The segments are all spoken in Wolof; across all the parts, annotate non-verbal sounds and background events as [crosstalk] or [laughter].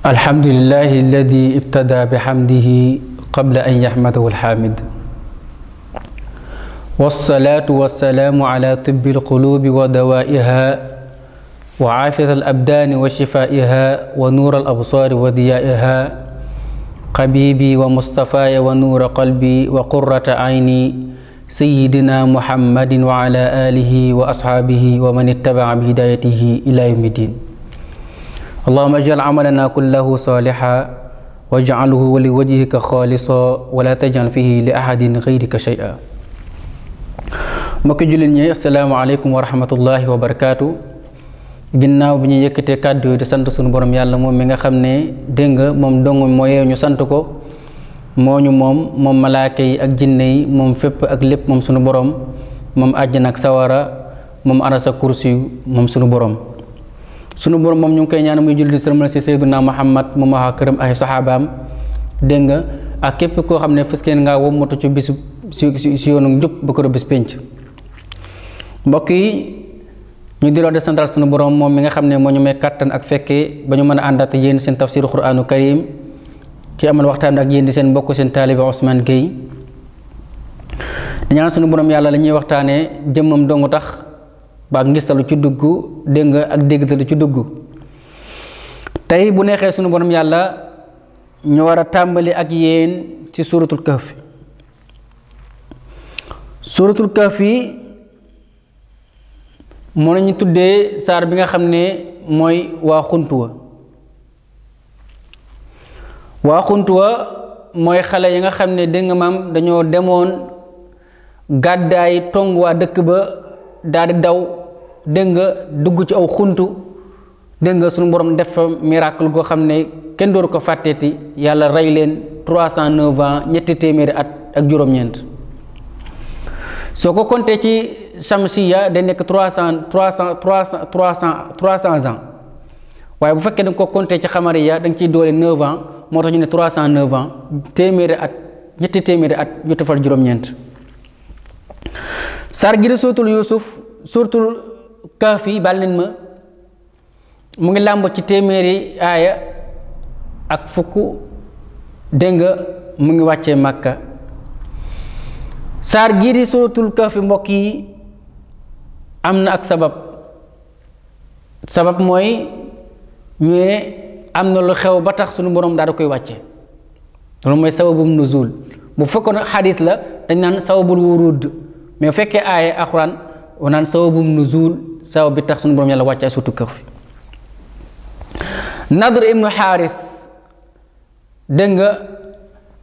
الحمد لله الذي ابتدى بحمده قبل أن يحمده الحامد والصلاة والسلام على طب القلوب ودوائها وعافية الأبدان وشفائها ونور الأبصار وديائها قبيبي ومصطفاي ونور قلبي وقرة عيني سيدنا محمد وعلى آله وأصحابه ومن اتبع بهدايته إلى يوم الدين allahuma ajal amalana kullahu saliha wajcalhu li wajhika xaalisa wala tajal fihi li ahadin xayrika shay'a mbokki jullit ñi asalaamaaleykum wa rahmatullahi wa barakaatu ginnaaw bi ñu yëkkatee kàddu yi di sant suñu borom yàlla moom mi nga xam ne dégg nga moom dong mooyee ñu sant ko moo ñu moom moom malaaka yi ak jinne yi moom fépp ak lépp moom suñu borom moom àjjana ak sawara moom arasa kursi moom suñu borom sunu borom moom ñu ngi koy ñaan muy julli di sërmal si sayyiduna Muhammad mu ma këram ay saxaabaam dégg nga ak képp koo xam ne fës ngeen ngaa wommatu ci bisu si si yoonu njub bis pénc yi ñu di loo sunu borom moom mi nga xam ne moo ñu may kàttan ak fekke ba ñu mën a àndaat yéen seen tafsiru quraanu karim ci amal waxtaan ak yéen di seen mbokk seen taaliba Ousmane Gueye di sunu borom yàlla lañuy ñuy waxtaanee jëmmam dongu tax. ba ak ngistalu ci dugg dégg nga ak déggtalu ci dugg tey bu neexee sunu borom yàlla ñu war a tàmbali ak yéen ci suuratul kahf suuratul kahf yi moo nañu tuddee saar bi nga xam ne mooy waa wa waa xuntuwa mooy xale yi nga xam ne dégg nga maam dañoo demoon gàddaay tonguwaa dëkk ba daldi daw dégg nga dugg ci aw xuntu dégg nga suñu borom def fa miracle goo xam ne kenn dooru ko fàtteeti yàlla rey leen 309 ans ñetti téeméeri at ak juróom-ñeent soo ko kontee ci chamsiya day nekk 300 300 300 300 300 ans waaye bu fekkee da nga ci xamariya da nga ciy doole 9 ans moo tax ñu ne 309 ans téeméeri at ñetti téeméeri at yu tafal juróom-ñeent. sar di suuratul Yuusuf suuratul kaaf yi ma mu ngi làmb ci téeméeri aaya ak fukk dégg nga mu ngi wàcce màkka saar gii di suratul kaaf mbokk yi am na ak sabab sabab mooy ñu am na lu xew ba tax sunu borom daal di koy wàcce loolu mooy sababum nuzul bu fekkoon xadis la dañ naan sababul wurud mais bu fekkee aaya alxuraan naan sababum nuzul sabab bi tax sunu borom la wàcce ay surtu kër fi nadr ibnu xaaris dégg nga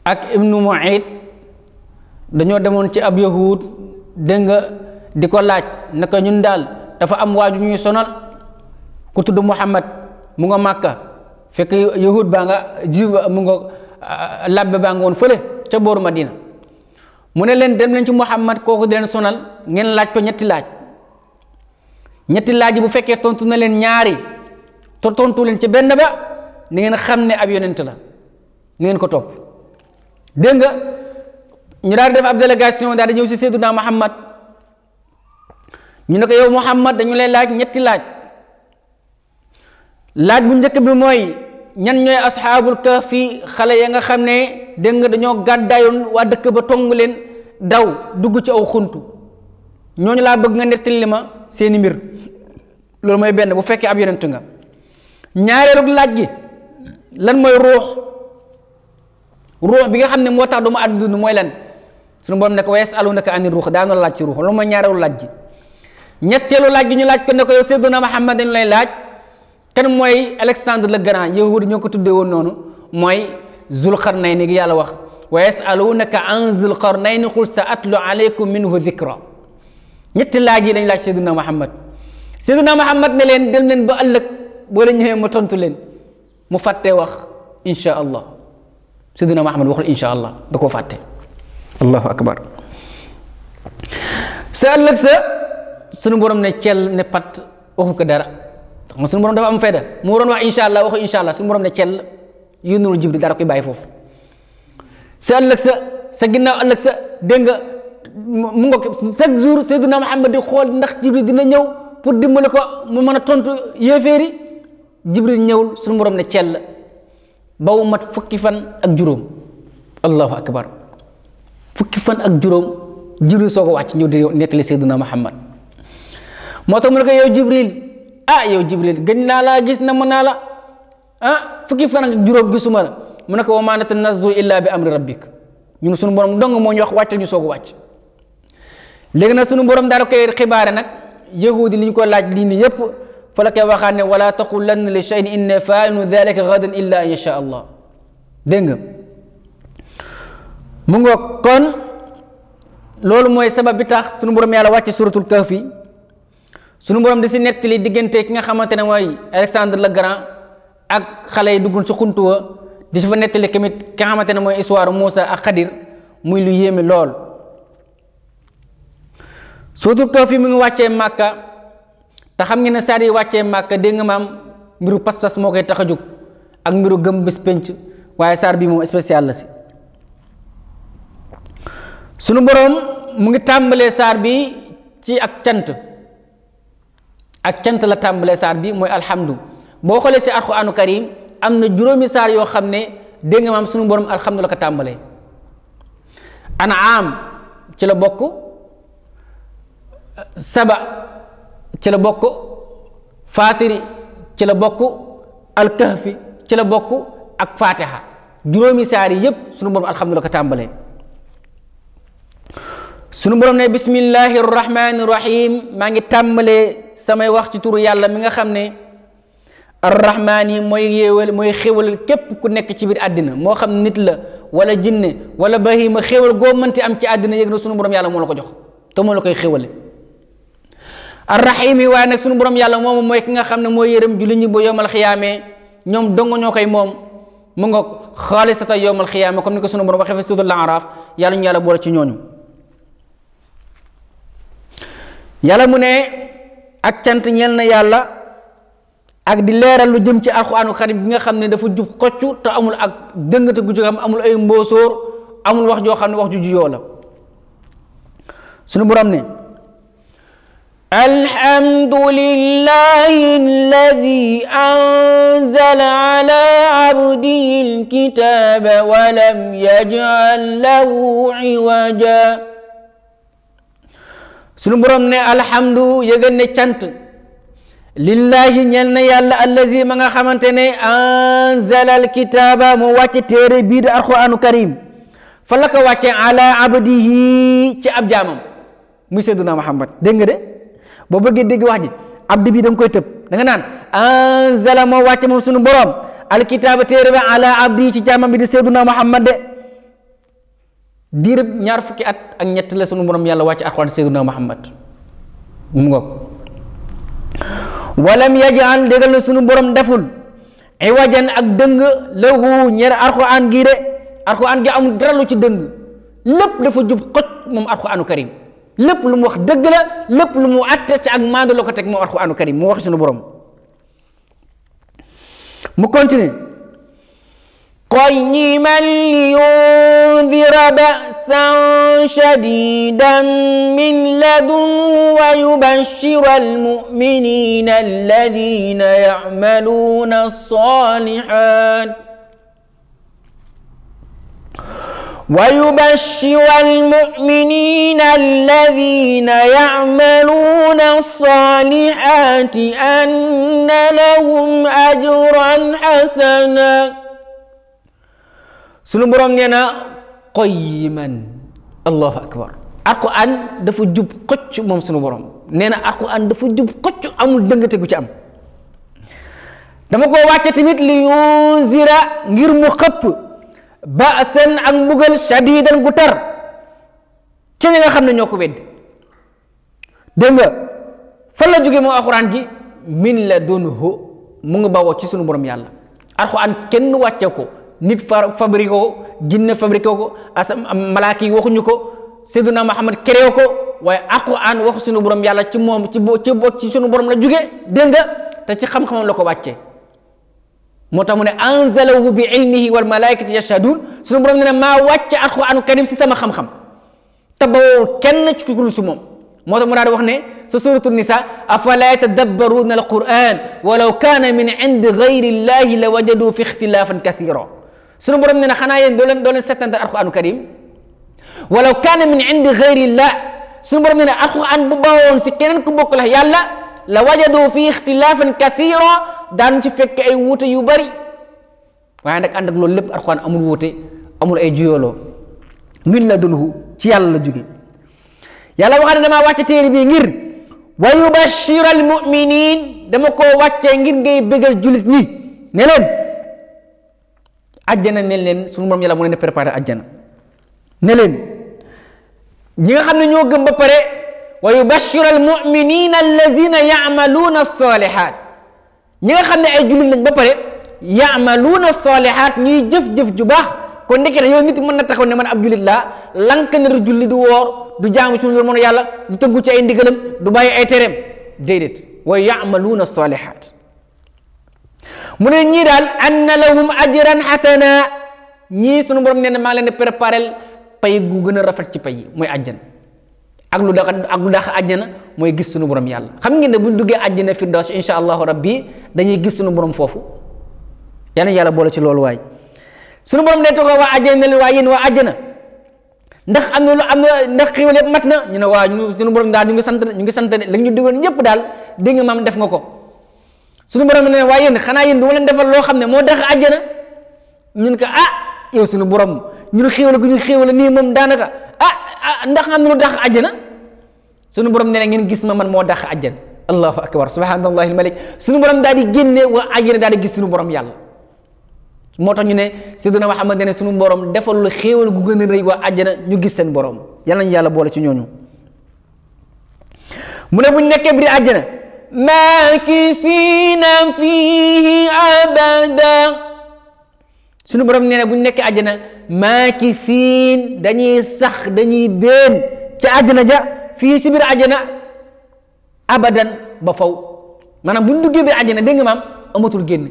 ak ibnu muid dañoo demoon ci ab yahud dégg nga di ko laaj naka ñun daal dafa am waaju ñuy sonal ku tudd muhammad mu nga màkka fekk yahud baa nga jiw mu nga labbe baa nga woon fële ca booru madina mu ne leen dem leen ci muhammad kooku di leen sonal ngeen laaj ko ñetti laaj ñetti laaj bu fekkee tontu na leen ñaari te tontuwu leen ci benn ba ni ngeen xam ne ab yonent la ni ngeen ko topp dégg nga ñu daal def ab délégation daal di ñëw si Seydina Muhammad ñu ne ko yow Muhammad dañu leen laaj ñetti laaj laaj bu njëkk bi mooy ñan ñooy asxaabul kahfi xale ya nga xam ne dégg nga dañoo gàddaayoon waa dëkk ba tong leen daw dugg ci aw xuntu ñooñu laa bëgg nga nettali ma seeni mbir loolu mooy benn bu fekkee ab yonent nga ñaareelu laaj gi lan mooy ruux ruux bi nga xam ne moo tax doomu aadama dund mooy lan su borom ne ko wa yasalunaka ani ruux daanu laaj ci ruux loolu mooy ñaareelu laaj gi ñetteelu laaj gi ñu laaj ko ne ko yow Seydina Muhammad dañu lay laaj kan mooy Alexandre le Grand yahudi ñoo ko tuddee woon noonu mooy Zulqarnayni gi yàlla wax wa yasalunaka an Zulqarnayni qul sa atlu aleykum minhu dikra ñetti laaj yi lañ laaj Seydina Muhammad Seydina Muhammad ne leen dem leen ba ëllëg boo leen mu tontu leen mu fàttee wax insha allah Seydina Muhammad waxul insha allah da koo fàtte allahu akbar sa ëllëg sa sunu borom ne cel ne pat waxu ko dara xam nga sunu borom dafa am fayda mu waroon wax insha allah waxu insha allah sunu borom ne cel yónnul Jibril dara koy bàyyi foofu sa ëllëg sa sa ginnaaw sa mu nga chaque jour Seydina Muhammad di xool ndax Jibril dina ñëw pour dimbali ko mu mën a tontu yéeféeri Jibril ñëwul suñu borom ne cell ba mu mat fukki fan ak juróom allahu akbar fukki fan ak juróom Jibril soo ko wàcc ñëw di nettali Seydina Muhammad moo tax mu ne ko yow Jibril ah yow Jibril gëj naa laa gis na mën naa la ah fukki fan ak juróom gisuma la mu ne ko wa maa natanazzalu illa bi amri rabbik ñun sunu borom dong moo ñu wax wàccal ñu soog wàcc léegi nag sunu borom daal koy xibaare nag yahudi li ñu ko laaj lii nii yëpp fa la koy waxaat ne wala taqulanna li shay'in inni faa'ilu dhalika ghadan illa an yasha allah dégg mu ngoog kon loolu mooy sabab bi tax sunu borom yàlla wàcce suratul kahfi sunu borom di si nekk diggante ki nga xamante ne mooy Alexandre la Grand ak xale yi duggoon ci xuntu wa di si fa nettali tamit ki nga xamante ne mooy histoire Moussa ak Xadir muy lu yéeme lool. sootul Kahfi mi ngi wàccee màkka te xam ngeen ne saar yi wàccee màkka dégg nga maam mbiru pas-pas moo koy tax a jóg ak mbiru gëm bés pénc waaye saar bii moom spécial la si sunu boroom mu ngi tàmbalee saar bi ci ak cant ak cant la tàmbalee saar bi mooy alhamdu boo xoolee si alxuraanu karim am na juróomi saar yoo xam ne dégg nga maam sunu boroom alhamdu la ko tàmbalee anaam ci la bokk saba ci la bokk faatiri ci la bokk alkahfi ci la bokk ak fatiha juróomi saar yi yépp sunu borom alhamdulillah ko tàmbalee sunu borom ne bismillahi rahmani rahim maa ngi tàmbalee samay wax ci turu yàlla mi nga xam ne arrahmaan yi mooy yéewal mooy xéwal képp ku nekk ci biir àddina moo xam nit la wala jinne wala bahima xéwal goo mënti am ci àddina yëg na sunu borom yàlla moo la ko jox te moo la koy xéwale arrahim yi waaye nag suñu borom yàlla moomu mooy ki nga xam ne mooy yërëm jullit ñi ba yowmal xiyaamee ñoom dong ñoo koy moom mu nga xaalisata yowmal xiyaamee comme ni ko suñu borom waxee fa suuratul Araaf yàlla ñu yàlla boole ci ñooñu yàlla mu ne ak cant ñeel yàlla ak di leeral lu jëm ci alxuraanu karim bi nga xam ne dafa jub xoccu te amul ak dëngate gu ci xam amul ay mbóosóor amul wax joo xam ne wax ju juyoo la sunu borom ne الحمد لله الذي أنزل على عبده الكتاب ولم يجعل له عوجا sunu borom ne alhamdu yëgal ne cant lillahi ñel na yàlla allazi ma nga xamante ne anzala alkitaaba mu wàcce téere bii di alquranu karim fa abdihi ci ab jaamam muy seyduna muhammad dégg de boo bëggee dégg wax ji abdi bi da koy tëb da naan anzala moo wàcce moom sunu borom alkitaaba téere ba ala abdi ci jaamam bi di seyduna muhammad de diirëb ñaar fukki at ak ñett la sunu borom yàlla wàcce alquran seyduna muhammad mu ngoog walam yajal dégal na sunu borom deful iwajan ak dëng lahu ñeer alquran gii de alquran gi amul dara lu ci dëng lépp dafa jub xoj moom alquranu karim lépp lu mu wax dëgg la lépp lu mu atte ci ak maandu la ko teg moom alquraanu karim mu wax suñu borom mu continue qayyiman liyundira ba'san shadidan min ladun wa yubashshira almu'minina alladina ya'maluna as-salihat ويبشر المؤمنين الذين يعملون الصالحات أن لهم أجرا حسنا sunu borom nee na qayyiman allahu akbar alquran dafa jub xocc moom sunu borom nee na alquran dafa jub xocc amul dëngate gu ci am dama ko wàcce tamit li yunzira ngir mu xëpp baasan ak mbugal shadidan gu tar ci ñi nga xam ne ñoo ko wedd dégg nga fan la jógee moom alxuraan ji min la doon ho mu ngi bawoo ci sunu borom yàlla alxuraan kenn wàcce ko nit fa fabriqué ko jinne fabriqué ko as malaaka yi waxuñu ko Seydina Muhammad créé ko waaye alxuraan waxu sunu borom yàlla ci moom ci bo ci sunu borom la jóge dégg te ci xam-xamam la ko wàcce moo tax mu ne anzalahu bi ilmihi wal malaikati yashhadun suñu borom ne ne maa wàcc alquranu karim si sama xam-xam te bawoo kenn ci kul si moom moo tax mu daal di wax ne sa suratu nisa afala yatadabbaruna alquran walaw kaana min indi gayri llahi la wajadu fi ixtilafan kathira suñu borom ne ne xanaa yéen doo leen doo leen settantal alquranu karim walaw kaana min indi gayri llah suñu borom ne ne alquran bu bawoon si keneen ku bokk la yàlla la wajadu fi ixtilafan kathira daan ci fekke ay wuute yu bari waaye nag ànd ak loolu lépp alxuraan amul wuute amul ay juyooloo min la dunhu ci yàlla la jóge yàlla wax ne damaa wàcce téere bi ngir wa yubashira al muminin dama ko wàccee ngir ngay ne leen ajjana ne leen sunu moom yàlla mu leen di préparé ajjana ne leen ñi nga xam ne ñoo gëm ba pare wa yubashira al muminina allazina yaamaluuna ñi nga xam ne ay jullit lañ ba pare yaamaluuna solihaat ñuy jëf-jëf ju baax kon ndekete yow nit mën na taxaw ne man ab jullit laa lank ne du julli du woor du jaamu ci lu mën yàlla du tënku ay ndigalam du bàyyi ay tereem déedéet wa yaamaluuna solihaat mu ne ñii daal anna lahum ajran xasana ñii sunu borom nee na maa ngi leen di préparel gu gën a rafet ci pay yi mooy àjjan ak lu dax ak lu dax àjjana mooy gis suñu borom yàlla xam ngeen ne buñ duggee àjjana firdaws insha allahu rabbi dañuy gis suñu borom foofu yal na yàlla boole ci loolu waay suñu borom day toogoo waa àjjana ne waa yéen waa àjjana ndax am na lu am na ndax xéwal mat na ñu ne waa ñu suñu borom daal ñu ngi sant ñu ngi sant de la ñu digoon ñëpp daal dégg nga maam def nga ko suñu borom ne waa yéen xanaa yéen du ma leen defal loo xam ne moo tax àjjana ñun ko ah yow suñu borom ñun xéwal gu ñu xéwal nii moom daanaka ah ah ndax am na lu tax sunu borom nee na ngeen gis ma man moo dàq àjjan allahu akbar subhanallahi almalik sunu borom daal di génne waa àjjana daal di gis sunu borom yàlla moo tax ñu ne sidina Muhammad ne ne sunu borom defal lu xéewal gu gën a rëy waa àjjana ñu gis seen borom yal nañu yàlla boole ci ñooñu mu ne bu ñu nekkee biir àjjana maakifiina sunu borom nee na bu ñu nekkee àjjana maakifiin dañuy sax dañuy béen ca àjjana ja fii ci biir àjjana abadan ba faw maanaam bu ñu duggee biir àjjana dégg nga maam amatul génn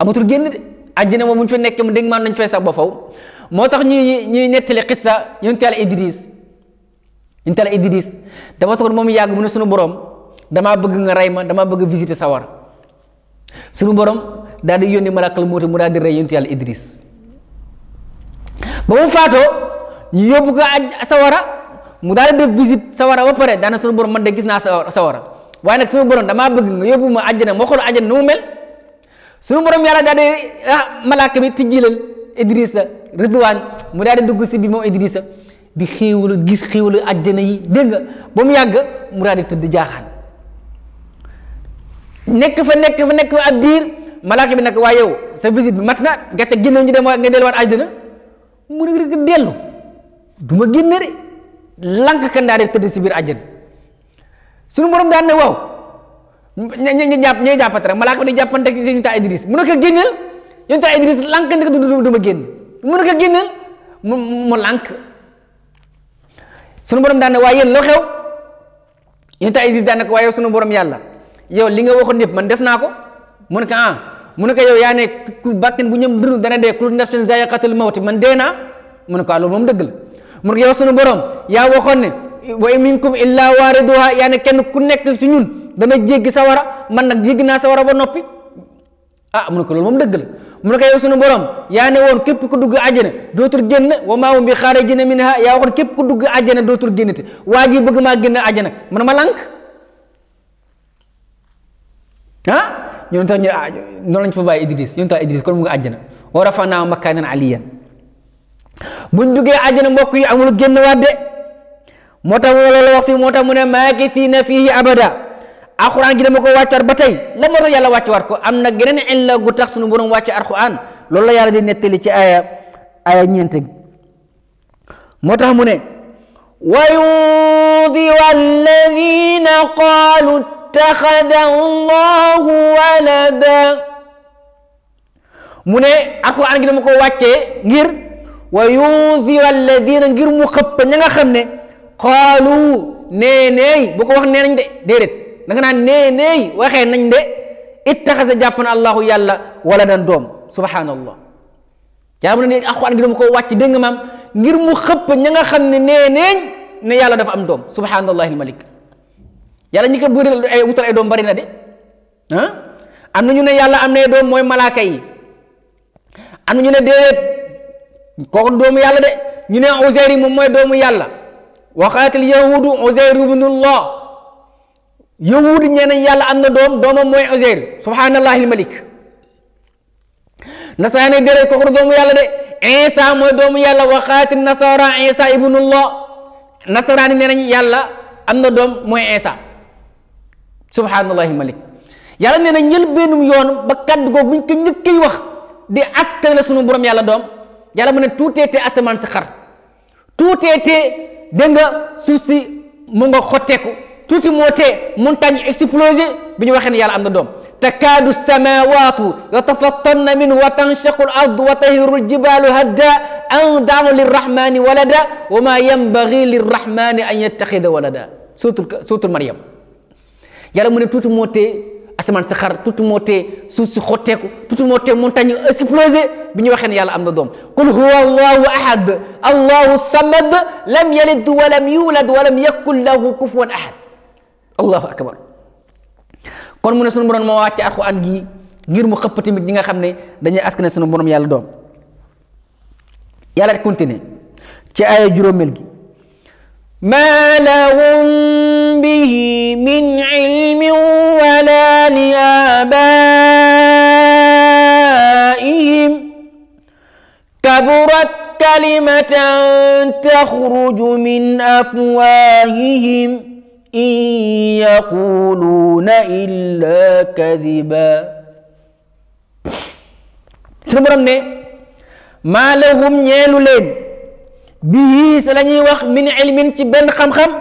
amatul génn de moom bu ñu fa nekkee mu dégg maam nañ fay sax ba faw moo tax ñuy ñuy nettali xissa ñu teel a Idris ñu tal a Idris dafa toog moom yàgg mu ne sunu borom damaa bëgg nga rey ma damaa bëgg visiter sawar sunu borom daal di yónni malakal mawti mu daal di rey yonent yàlla Idris ba mu faatoo ñu yóbbu ko aj sawara mu daal def visite sawara ba pare daana sunu borom man de gis naa sawara waaye nag sunu borom damaa bëgg nga yóbbu ma àjjana moo xool àjjana nu mu mel sunu borom yàlla daal ah, mu daal di dugg si bi moom Idrissa di xéewalu gis xéewalu àjjana yi dégg nga ba mu yàgg mu daal di tëdd jaaxaan nekk fa nekk fa nekk fa ab diir malaaka bi nag waaye yow sa visite bi mat na gerte génn ñu dem nga delluwaat àjjana mu ne rek dellu du ma génne lank kandaare tëdd si biir àjjana suñu borom daan ne waaw ña jàpp ñooy jàppante rek malaaka di jàppante ak seen taa Idris mu ne ko génneel yéen taa Idris lank ndek du du ma génn mu ne ko génneel mu mu lank suñu borom daan ne waaye yéen loo xew Idris daan ne ko waaye suñu borom yàlla yow li nga waxoon yëpp man def naa ko mu ne ko ah mu ne ko yaa ne ku bàkkin bu ñëm dund dana dee kullu nafsin zaa'iqatul mawti man dee naa mu ne ko ah, loolu moom dëgg la mun yow sunu borom yaa waxoon ne wa in minkum illaa waariduha yaa ne kenn ku nekk si ñun dana jéggi sawara man nag jéggi naa sawara ba noppi ah mu ne ko loolu moom dëgg la mu ne ko yow sunu borom yaa ne woon képp ku dugg àjjana dootul génn wa maa hum bi képp ku dugg àjjana dootul génnati waa ji bëgg maa génn àjjana mu ne ma lànk ah ñoom tax ñu ah noonu lañ fa Idris ñoom tax Idris kon mu ngi àjjana wa rafanaa aliyan buñ duggee àjjana mbokk yi amul génn waat de moo tax mu moo tax mu ne maakisiina fiihi abada alxuraan gi dama ko wàccuwaat ba tey la moo tax yàlla wàccuwaat ko am na geneen illa gu tax suñu borom wàcce alxuraan loolu la nettali ci aya aya ñeent moo tax mu ne wa yunziru alladina qaalu ittaxada allahu walada mu ne alxuraan gi ko wàccee ngir wa yundira alladina ngir mu xëpp ña nga xam ne qaalu nee neey bu ko wax nee nañ de déedéet da nga naan nee neey waxee nañ de ittaxasa jàpp na allahu yàlla wala dan doom subhanallah jaamu na ne alquran gi dama ko wàcc dégg nga ngir mu xëpp ña nga xam ne nee neeñ ne yàlla dafa am doom subhanallahi almalik yàlla ñi ko bëri ay wutal doom bari na de am na ñu ne yàlla am na doom mooy malaaka yi am na ñu ne déedéet kooku doomu yàlla de ñu ne Uzayr moom mooy doomu yàlla waxaatil yahudu Uzayr ibnullah yahuud ñee nañ yàlla am na doom doomam mooy Uzayr subhaanallahi malik nasaara yi déree kooku doomu yàlla de Isa mooy doomu yàlla waxaatil nasara Isa ibnullah nasaraani nee nañ yàlla am na doom mooy Isa subhaanallahi malik yàlla nee na njël benn yoon ba kaddu googu buñ ko njëkkee wax di askan la sunu borom yàlla doom yàlla mu ne tuuteetee asamaan si xar tuuteetee dégg nga suuf si mu nga xotteeku tuuti moo tee montagne explosé bi ñu waxee ne yàlla am na doom takaadu samawatu yatafattarna minhu wa tanshaqu al ardu wa tahiru al jibalu hadda an da'u lirrahmani walada wa ma yanbaghi lirrahmani an yattaxida walada suratul suratul Maryam yàlla mu ne tuuti moo tee asamaan si xar tuuti moo tee suuf si xotteeku tuuti moo tee montagne explosé bi ñu waxee ne yàlla am na doom qul huwa allahu ahad allahu samad lam yalid walam yulad walam yakun lahu kufuwan ahad allahu akbar kon mu ne sunu borom moo wàcce alxuraan gi ngir mu xëpp tamit ñi nga xam ne dañuy askane sunu borom yàlla doom yàlla continué ci aaya juróomeel gi ما لهم به من علم ولا لآبائهم كبرت كلمة تخرج من أفواههم إن يقولون إلا كذبا suñu borom ne maa lahum ñeelu leen bihi sa wax min ilmin ci benn xam-xam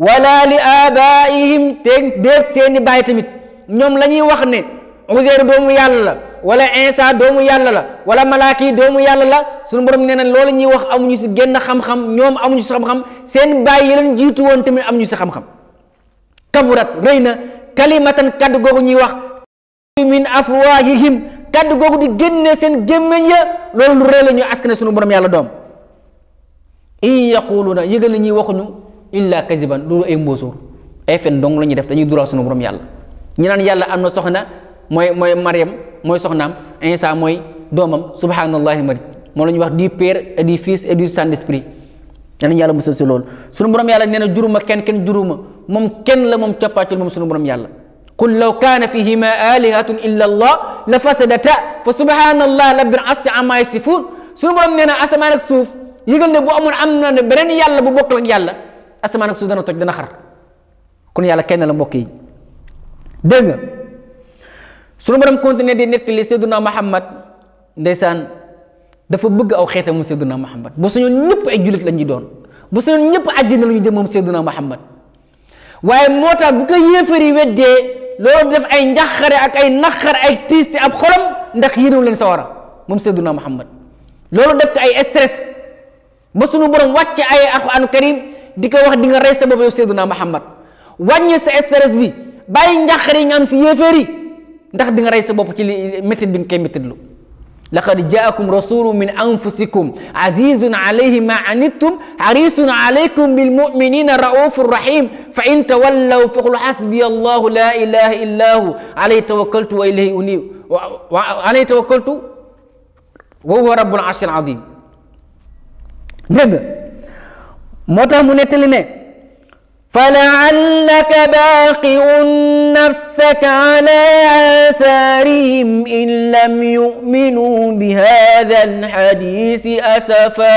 wala li abaihim te déet seeni baay tamit ñoom la ñuy wax ne Uzeer doomu yàlla la wala Insa doomu yàlla la wala malaaka yi doomu yàlla la suñu borom nee na loolu ñuy wax amuñu si genn xam-xam ñoom amuñu si xam-xam seen baay yi jiitu woon tamit amuñu si xam-xam kaburat rëy na kalimatan kaddu googu ñuy wax min afwaahihim kaddu googu di génne seen gémmiñ ya loolu lu rëy la ñuy askane suñu borom yàlla doom in yaquluuna yëgal na ñuy waxuñu illa kaziban loolu ay mbóosóor ay fen dong la ñuy def dañuy dural sunu borom yàlla ñi naan yàlla am na soxna mooy mooy Mariam mooy soxnaam Insa mooy doomam subhanallahi mari moom la ñuy du père et du fils et du saint esprit danañ yàlla juruma kenn kenn juruma moom kenn la moom coppaacul moom sunu borom yàlla qul kaana fihima alihatun illa allah la fasadata fa subhanallah rabbil arsi amma yasifun sunu borom nee suuf yëgal ne bu amoon am na ne beneen yàlla bu bokkul ak yàlla asamaan ak suuf dana toj dana xar kon yàlla kenn la mbokk yi dégg nga suñu borom continuer di nettali Seyduna Muhammad ndeysaan dafa bëgg aw xeetam mu Seyduna Muhammad bu suñu ñëpp ay jullit la ñuy doon bu suñu ñëpp àjjana la ñu jëm moom Seyduna Muhammad waaye moo tax bu ko yéefar yi weddee loolu def ay njaxare ak ay naqar ay tiis ci ab xolam ndax yéenewu leen sawara moom Seyduna Muhammad loolu def ko ay stress ba sunu borom wàcce ay alxuraanu karim di wax di nga rey sa bopp yow Seyduna Muhammad sa stress bi bàyyi njàqare am si ndax di ray rey sa bopp ci li métit bi nga koy métitlu laqad jaakum rasulun min anfusikum azizun alayhi ma anittum harisun alaykum bil muminina rahim fa in tawallaw faqul hasbiya allahu la ilaha illa hu alayhi tawakkaltu wa ilayhi unib alayhi tawakkaltu wa huwa rabbul arshil azim dégg nga moo tax mu nettali ne falaallaka baaqiun nafsaka ala athaarihim in lam yuminuu bi haada alxadisi asafa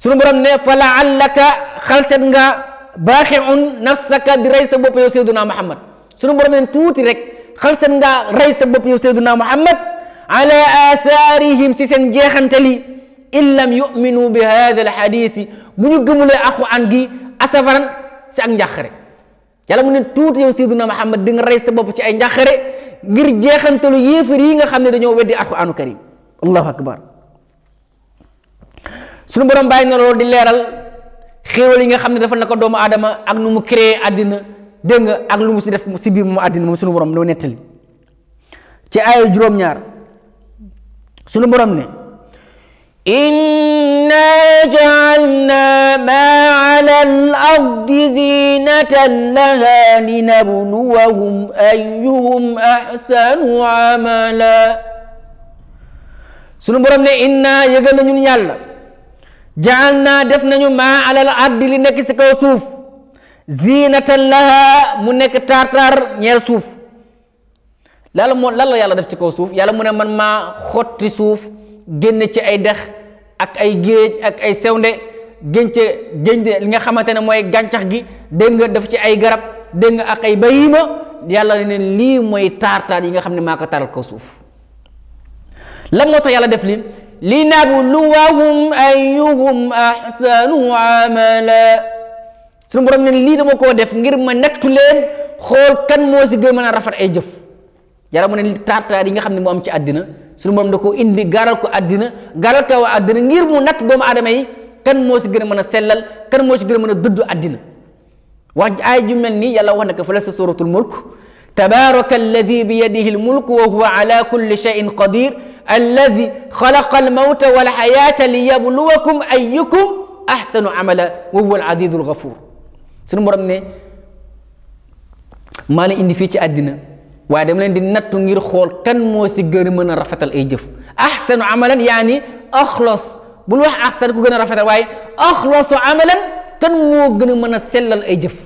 sunu borom ne falaallaka xalset nga baaqiun nafsaka di rey sa bopp yow seyduna muhammad sunu borom ne tuuti rek xalset nga rey sa bopp yow seyduna muhammad ala athaarihim si seen jeexantali in lam yuminu bi hada al hadisi bu ñu gëmulee alquran gi asafaran si ak njàqare yàlla mu ne tuuti yow sayyiduna Muhammad di nga rey sa ci ay ngir jeexantalu yéefar yi nga xam ne dañoo weddi alquranu karim allahu akbar suñu borom bàyyi na di leeral xéewal yi nga xam ne dafa na doomu aadama ak nu mu créé àddina dégg nga ak lu mu si def si biir moom àddina moom suñu borom loo nettali ci aaya juróom-ñaar suñu borom ne إنا جعلنا ما على الأرض زينة لها لنبلوهم أيهم أحسن عملا sunu borom ne inna yëgal na ñun yàlla jaal naa def nañu maa alal ardi li nekk si kaw suuf ziinatan laha mu nekk tartar ñeel suuf lan moo lan la yàlla def ci kaw suuf yàlla mu ne man maa xotti suuf génn ci ay dex ak ay géej ak ay sewnde génn ci génn li nga xamante ne mooy gàncax gi dégg nga def ci ay garab dégg nga ak ay bayima yàlla ne lii mooy taar yi nga xam ne maa ko suuf lan moo tax yàlla def lii linabluwahum ayyuhum ahsanu amala suñu borom ne lii dama koo def ngir ma nattu leen xool kan si gën mën a rafet ay jëf yàlla ne taar-taar yi nga xam ne mu am ci àddina suñu moom da ko indi garal ko àddina garal ko waa àddina ngir mu natt doomu aadama yi kan moo si gën a mën a sellal kan moo si gën a mën a dudd àddina wax ay ju mel nii yàlla wax na ko fële sa suratul mulk tabaraka alladi bi yadihi almulk wa huwa ala kulli cheyin qadir alladi xalaqa almawta walxayata liyabluwakum ayukum ahsanu amala wa huwa alazizu algafur suñu borom ne maa la indi fii ci àddina waaye dama leen di nattu ngir xool kan moo si gën a mën a rafetal ay jëf ahsanu amalan yaani axlos bul wax ahsan ku gën a rafetal waaye axlosu amalan kan moo gën a mën a sellal ay jëf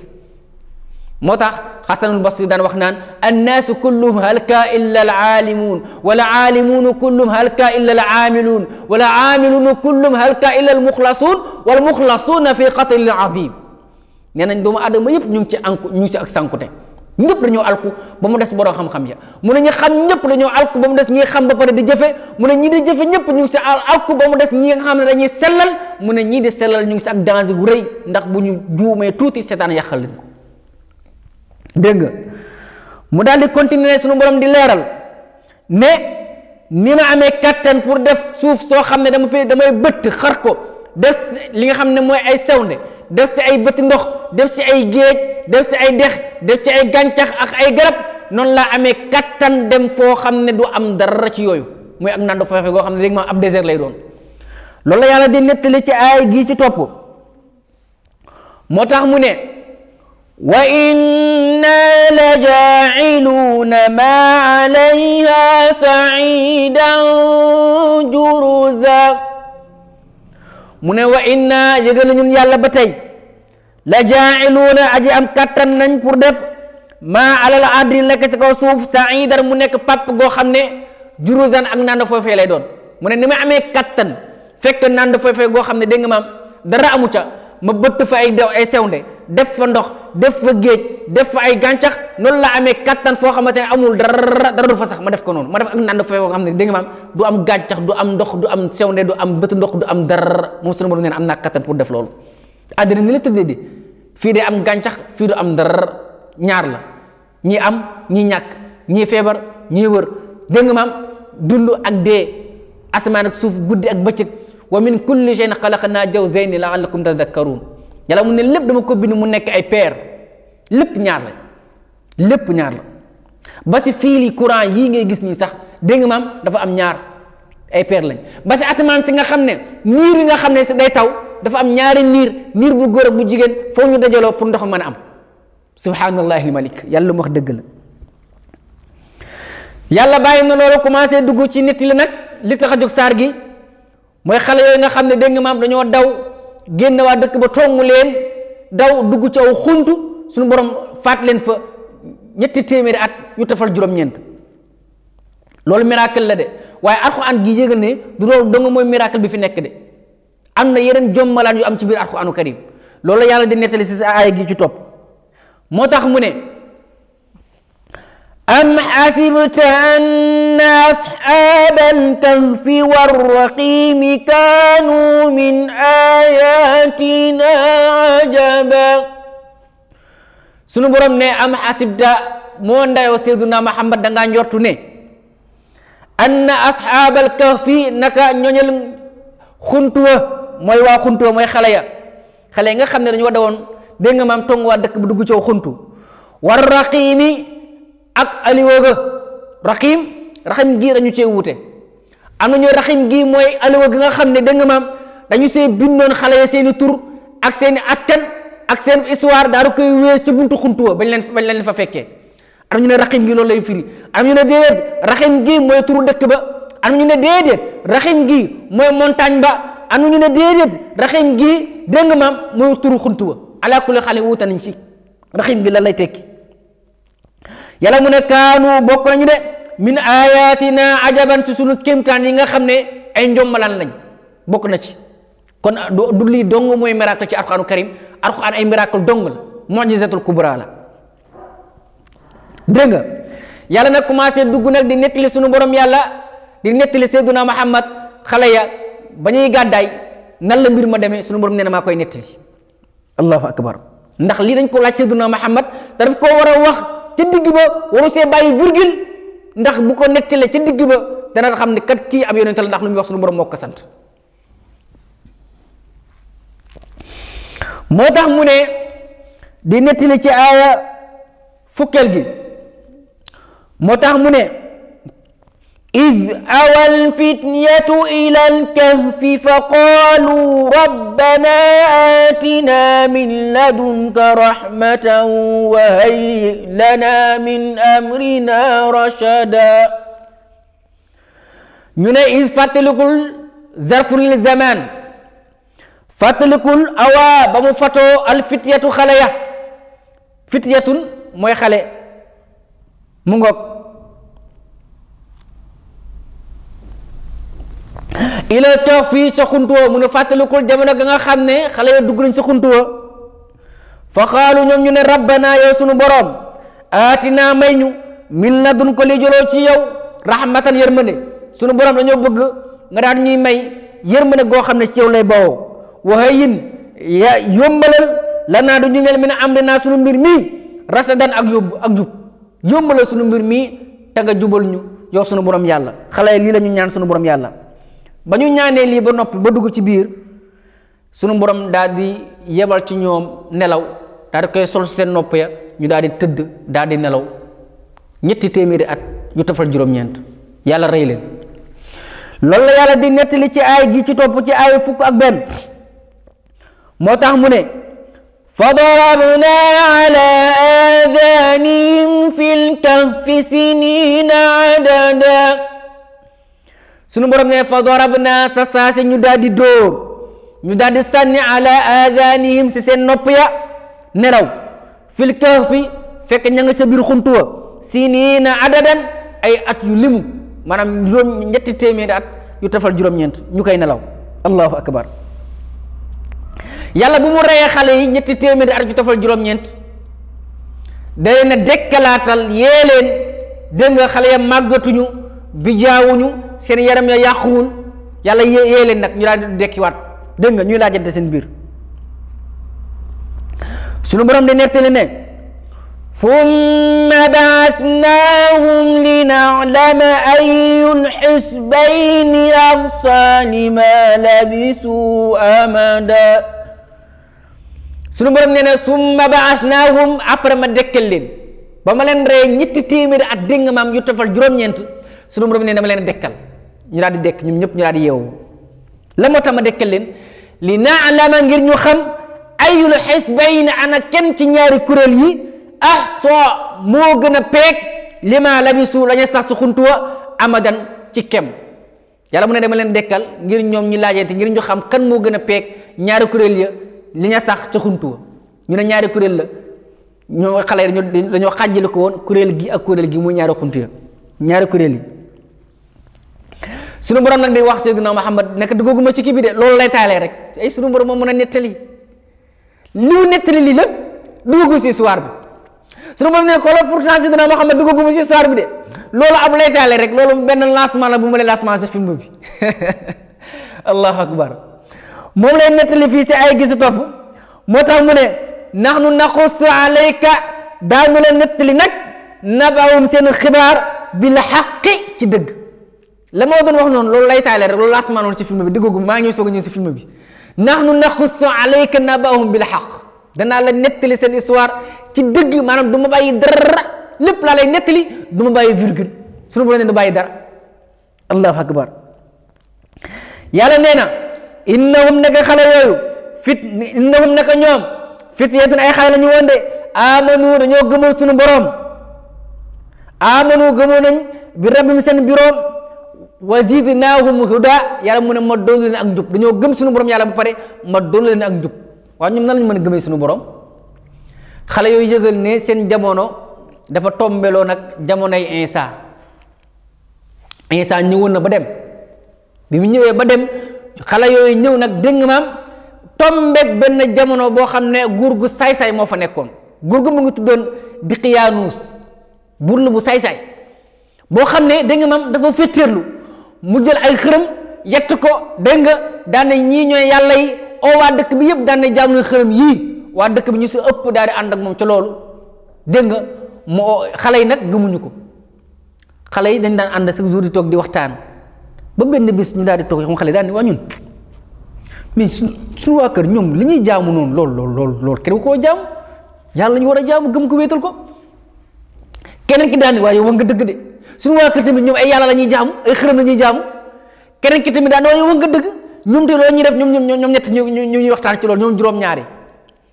moo tax xasanul basri daan wax naan annaasu kulluhum halka illa al aalimuun wala aalimuunu kulluhum halka illa al aamiluun wala aamiluunu kulluhum halka illa al muxlasuun wal muxlasuuna fi qatlin azim nee nañ doomu aadama yëpp ñu ngi ci anku ñu ngi ci ak sankute ñëpp dañoo alku ba mu des borom xam-xam ya mu ne ñi xam ñëpp dañoo alku ba mu des ñi xam ba pare di jëfe mu ne ñi di jëfe ñëpp ñu ngi si alku ba mu des ñi nga xam ne dañuy sellal mu ne ñii di sellal ñu ngi si ak danger gu rëy ndax bu ñu juumee tuuti seetaan yàqal lañ ko dégg nga mu daal di continuer suñu borom di leeral ne ni ma amee kattan pour def suuf soo xam ne dama fay damay bëtt xar ko des li nga xam ne mooy ay sewnde def si ay bëti ndox def si ay géej def si ay dex def ci ay gàncax ak ay garab noonu laa amee kattan dem foo xam ne du am dara ci yooyu muy ak naan du fexe goo xam ne léegi ma lay doon loolu la yàlla di nettali ci aay gii ci topp moo tax mu ne wa inna la jaa'iluuna ma alayha sa'idan juruza mu ne wa inna yëgal nañu yàlla ba tey la jaa'iluuna aji am kattan nañ pour def maa alal adri nekk ci kaw suuf saidar mu nekk papp goo xam ne jurusan ak naan foofee lay doon mu ne ni ma amee kattan fekk naan foofee goo xam ne dégg nga maam dara amu ca ma bët fa ay dew ay sewnde def fa ndox def fa géej def fa ay gàncax noonu la amee kattan foo xamante ne amul dara fa sax ma def ko noonu ma def ak naan fa yoo xam ne dégg nga maam du am gàncax du am ndox du am sewnde du am bëtu ndox du am dara moom sunu borom nee na am naa kattan pour def loolu àddina ni la tëddee di fii de am gàncax fii du am dara ñaar la ñi am ñi ñàkk ñi feebar ñi wër dégg nga maam dund ak dee asamaan ak suuf guddi ak bëccëg wa min kulli shay'in xalaqnaa da la'allakum tadhakkaruun yàlla mu ne lépp dama ko bind mu nekk ay paire lépp ñaar la lépp ñaar la ba si fiili courant yii ngay gis nii sax dégg nga maam dafa am ñaar ay paire lañ ba si asamaan si nga xam ne niir yi nga xam ne si day taw dafa am ñaari niir niir bu góor bu jigéen foo ñu dajaloo pour ndox mën a am subhanallahi malik yàlla lu mu wax dëgg la yàlla bàyyi na loolu commencé dugg ci nit yi la nag li tax a jóg saar gi mooy xale yooyu nga xam ne dégg nga maam dañoo daw génn waa dëkk ba tongu leen daw dugg ci aw xunt suñu borom faat leen fa ñetti téeméeri at yu tafal juróom-ñeent loolu miracle la de waaye an gi yëgal ne du loolu dong mooy miracle bi fi nekk de am na yeneen jommalaan yu am ci biir alxuraanu karim loolu yàlla di nettali si sa aaya gi ci topp moo tax mu ne أم حسبت أن أصحاب الكهف والرقيم كانوا من آياتنا عجبا sunu borom ne am xasibta moo ndayoo seyduna Muhammad da ngaa njortu ne anna asxaabal kahfi naka ñoñel xuntuwa mooy waa xuntuwa mooy xale ya xale nga xam ne dañoo dawoon dégg nga maam tong waa dëkk bu dugg coow xuntu ak aliwo ga raxiim raxiim gi dañu cee wuute am na ñooy raxiim gi mooy aliwo gi nga xam ne dégg nga maam dañu see bindoon xale ya seeni tur ak seeni askan ak seen histoire daal di koy wees ca buntu xuntuwa bañ leen bañ leen fa fekkee am ñu ne raxiim gi loolu lay firi am ñu ne déedéet raxiim gi mooy turu dëkk ba am ñu ne déedéet raxiim gi mooy montagne ba am ñu ne déedéet raxiim gi dëng nga maam mooy turu xuntuwa alaa kulli xale wuute nañ ci raxiim gi lan lay tekki yàlla mu ne kaanu bokk nañu de min ayatina ajaban ci sunu kéemtaan yi nga xam ne ay njombalaan lañ bokk na ci kon du lii dong mooy miracle ci alquranu karim alquran ay miracle dong la mujizatul kubra la dégg nga yàlla nag commencé dugg nag di nettali sunu borom yàlla di nettali seyduna muhammad xale ya ba ñuy gàddaay nan la mbir ma demee suñu borom nee na maa koy nettali allahu akbar ndax lii dañ ko laaj seyduna muhammad te daf koo war a wax ca digg ba waru see bàyyi virgule ndax bu ko nettalee ci digg ba dana xam ne kat kii ab yonent la ndax lu muy wax suñu borom moo ko sant moo tax mu ne di nettali ci aaya fukkeel gi moo tax mu ne إذ أوى الفتية إلى الكهف فقالوا ربنا آتنا من لدنك رحمة وهيئ لنا من أمرنا رشدا ñu ne is fàttalikul zarfun lil zaman fàttalikul awaa ba mu fatoo al fityatu xale ya fityatun mooy xale mu ngoog ila toog fii sa xuntu wa mu ne fàttalikul jamono ga nga xam ne xale yoo dugg nañ sa xuntu wa fa xaalu ñoom ñu ne rabbana yow sunu boroom aatinaa may ñu min ladun ko li joloo ci yow rahmatan yërmande sunu boroom dañoo bëgg nga daan ñuy may yërmande goo xam ne ci yow lay bawoo wahayyin ya yombalal lanaa du ñu am min naa sunu mbir mii rasadan ak yóbbu ak jub yombalal sunu mbir mii te nga jubal ñu yow sunu borom yàlla xale lii la ñu ñaan sunu borom yàlla ba ñu ñaanee lii ba noppi ba dugg ci biir sunu borom daal di yebal ci ñoom nelaw daal di koy sol seen nopp ya ñu daal di tëdd daal di nelaw ñetti téeméeri at ñu tafal juróom-ñeent yàlla rey leen loolu la yàlla di nettali ci aay gi ci topp ci aay fukk ak benn moo tax mu ne fadarabnaa ala aadaanihim fi lkahfi sinina adada sunu borom ne fa darabna sa saasi ñu daal di dóor ñu daal sànni ala si seen nopp ya nelaw fil kahfi fekk ña nga ca biir xuntu wa siniina adadan ay at yu limu maanaam juróom ñetti téeméeri at yu tafal juróom-ñeent ñu koy nelaw allahu akbar yàlla bu mu reyee xale day na dekkalaatal yee leen dégg xale ya màggatuñu bi jaawuñu seen yaram ya yàquwul yàlla yee leen nag ñu daal dekki dekkiwaat dégg nga ñuy laajante seen biir suñu borom di nettali ne summa baasnaahum lina'lama ayyul xisbayni ahsaa limaa labisuu amada suñu borom nee na summa baasnaahum après ma dekkal leen ba ma leen rey ñetti téeméeri at dégg nga maam yu tofal juróom-ñeent suñu borom nee na ma leen dekkal ñu daal di dekk ñoom ñëpp ñu daal di yeewu la moo tax ma dekkal leen li naalama ngir ñu xam ayul xisbayn ana kenn ci ñaari kuréel yi ah soo moo gën a peeg li ma labisu la sax sa su wa amagan ci kem yàlla mu ne dama leen dekkal ngir ñoom ñu laajante ngir ñu xam kan moo gën a peeg ñaari kuréel ya li ña sax ca xuntuwa ñu ne ñaari kuréel la ñoo xale yi dañoo xàjjale ko woon kuréel gi ak kuréel gi muy ñaari xuntu ya ñaari kuréel yi sunu borom nag day wax Seydina Muhammad nekk duggaguma ci kii bi de loolu lay taalee rek ay sunu borom moo mën a nettali li mu nettali lii lépp duggagu si histoire bi sunu borom ne ko la pourtant Seydina Muhammad duggaguma si histoire bi de loolu ab lay taalee rek loolu benn lancement la bu ma lay lancement sa film bi [laughs] allahu akbar moom lay nettali fii si ay gis topp moo tax mu ne nahnu naqussu alayka daanu la nettali nag nabawum seen xibaar bil xaqi ci dëgg. la ma doon noonu loolu lay taale rek loolu laa sama noonu ci film bi dëggagu maa ngi soog a si film bi nahnu naqussu alayka nabaahum bil haqq danaa la nettali seen histoire ci dëgg maanaam du ma bàyyi dara lépp laa lay nettali du ma bàyyi virgule suñu bu ne du bàyyi dara allahu akbar na innahum naka xale fit innahum naka ñoom fityatun ay xale la ñu woon de amanu dañoo gëmoon suñu boroom amanu gëmoon nañ bi rabbim seen biroom wa zidnaahum huda yàlla mu ne ma doolu leen ak njub dañoo gëm suñu borom yàlla bu pare ma doolu leen ak njub waaw ñoom nan lañu mën gëmee suñu borom yooyu yëgal ne seen jamono dafa tombeloo nag jamonoy Insa Insa ñëwoon na ba dem bi mu ñëwee ba dem xale yooyu ñëw nag dégg maam tombeeg benn jamono boo xam ne guur gu saay-saay moo fa nekkoon guur gu mu ngi tuddoon Diqyaanuus buur la bu saay-saay boo xam ne dégg maam dafa féeteerlu mu jël ay xërëm yett ko dégg nga daan na ñii ñooy yàlla oo waa dëkk bi yëpp daan na jaam leen xërëm bi ñu si ëpp daal di moom ca loolu dégg nga moo xale yi nag gëmuñu ko xale yi dañ daan ànd chaque jour di toog di waxtaan ba benn bis ñu daal di toog yoo xam daan ni waa ñun su suñu kër ñoom li ñuy jaamu noonu lool lool lool yàlla ñu war a jaamu gëm ko wéetal ko keneen ki daan ni waa yow nga dëgg de. suñu waa kër tamit ñoom ay yàlla la ñuy jaamu ay xërëm la ñuy jaamu keneen ki tamit daan waaye wa nga dëgg ñoom te loolu ñuy def ñoom ñoom ñett ñu ñu ñuy waxtaan ci loolu ñoom juróom-ñaari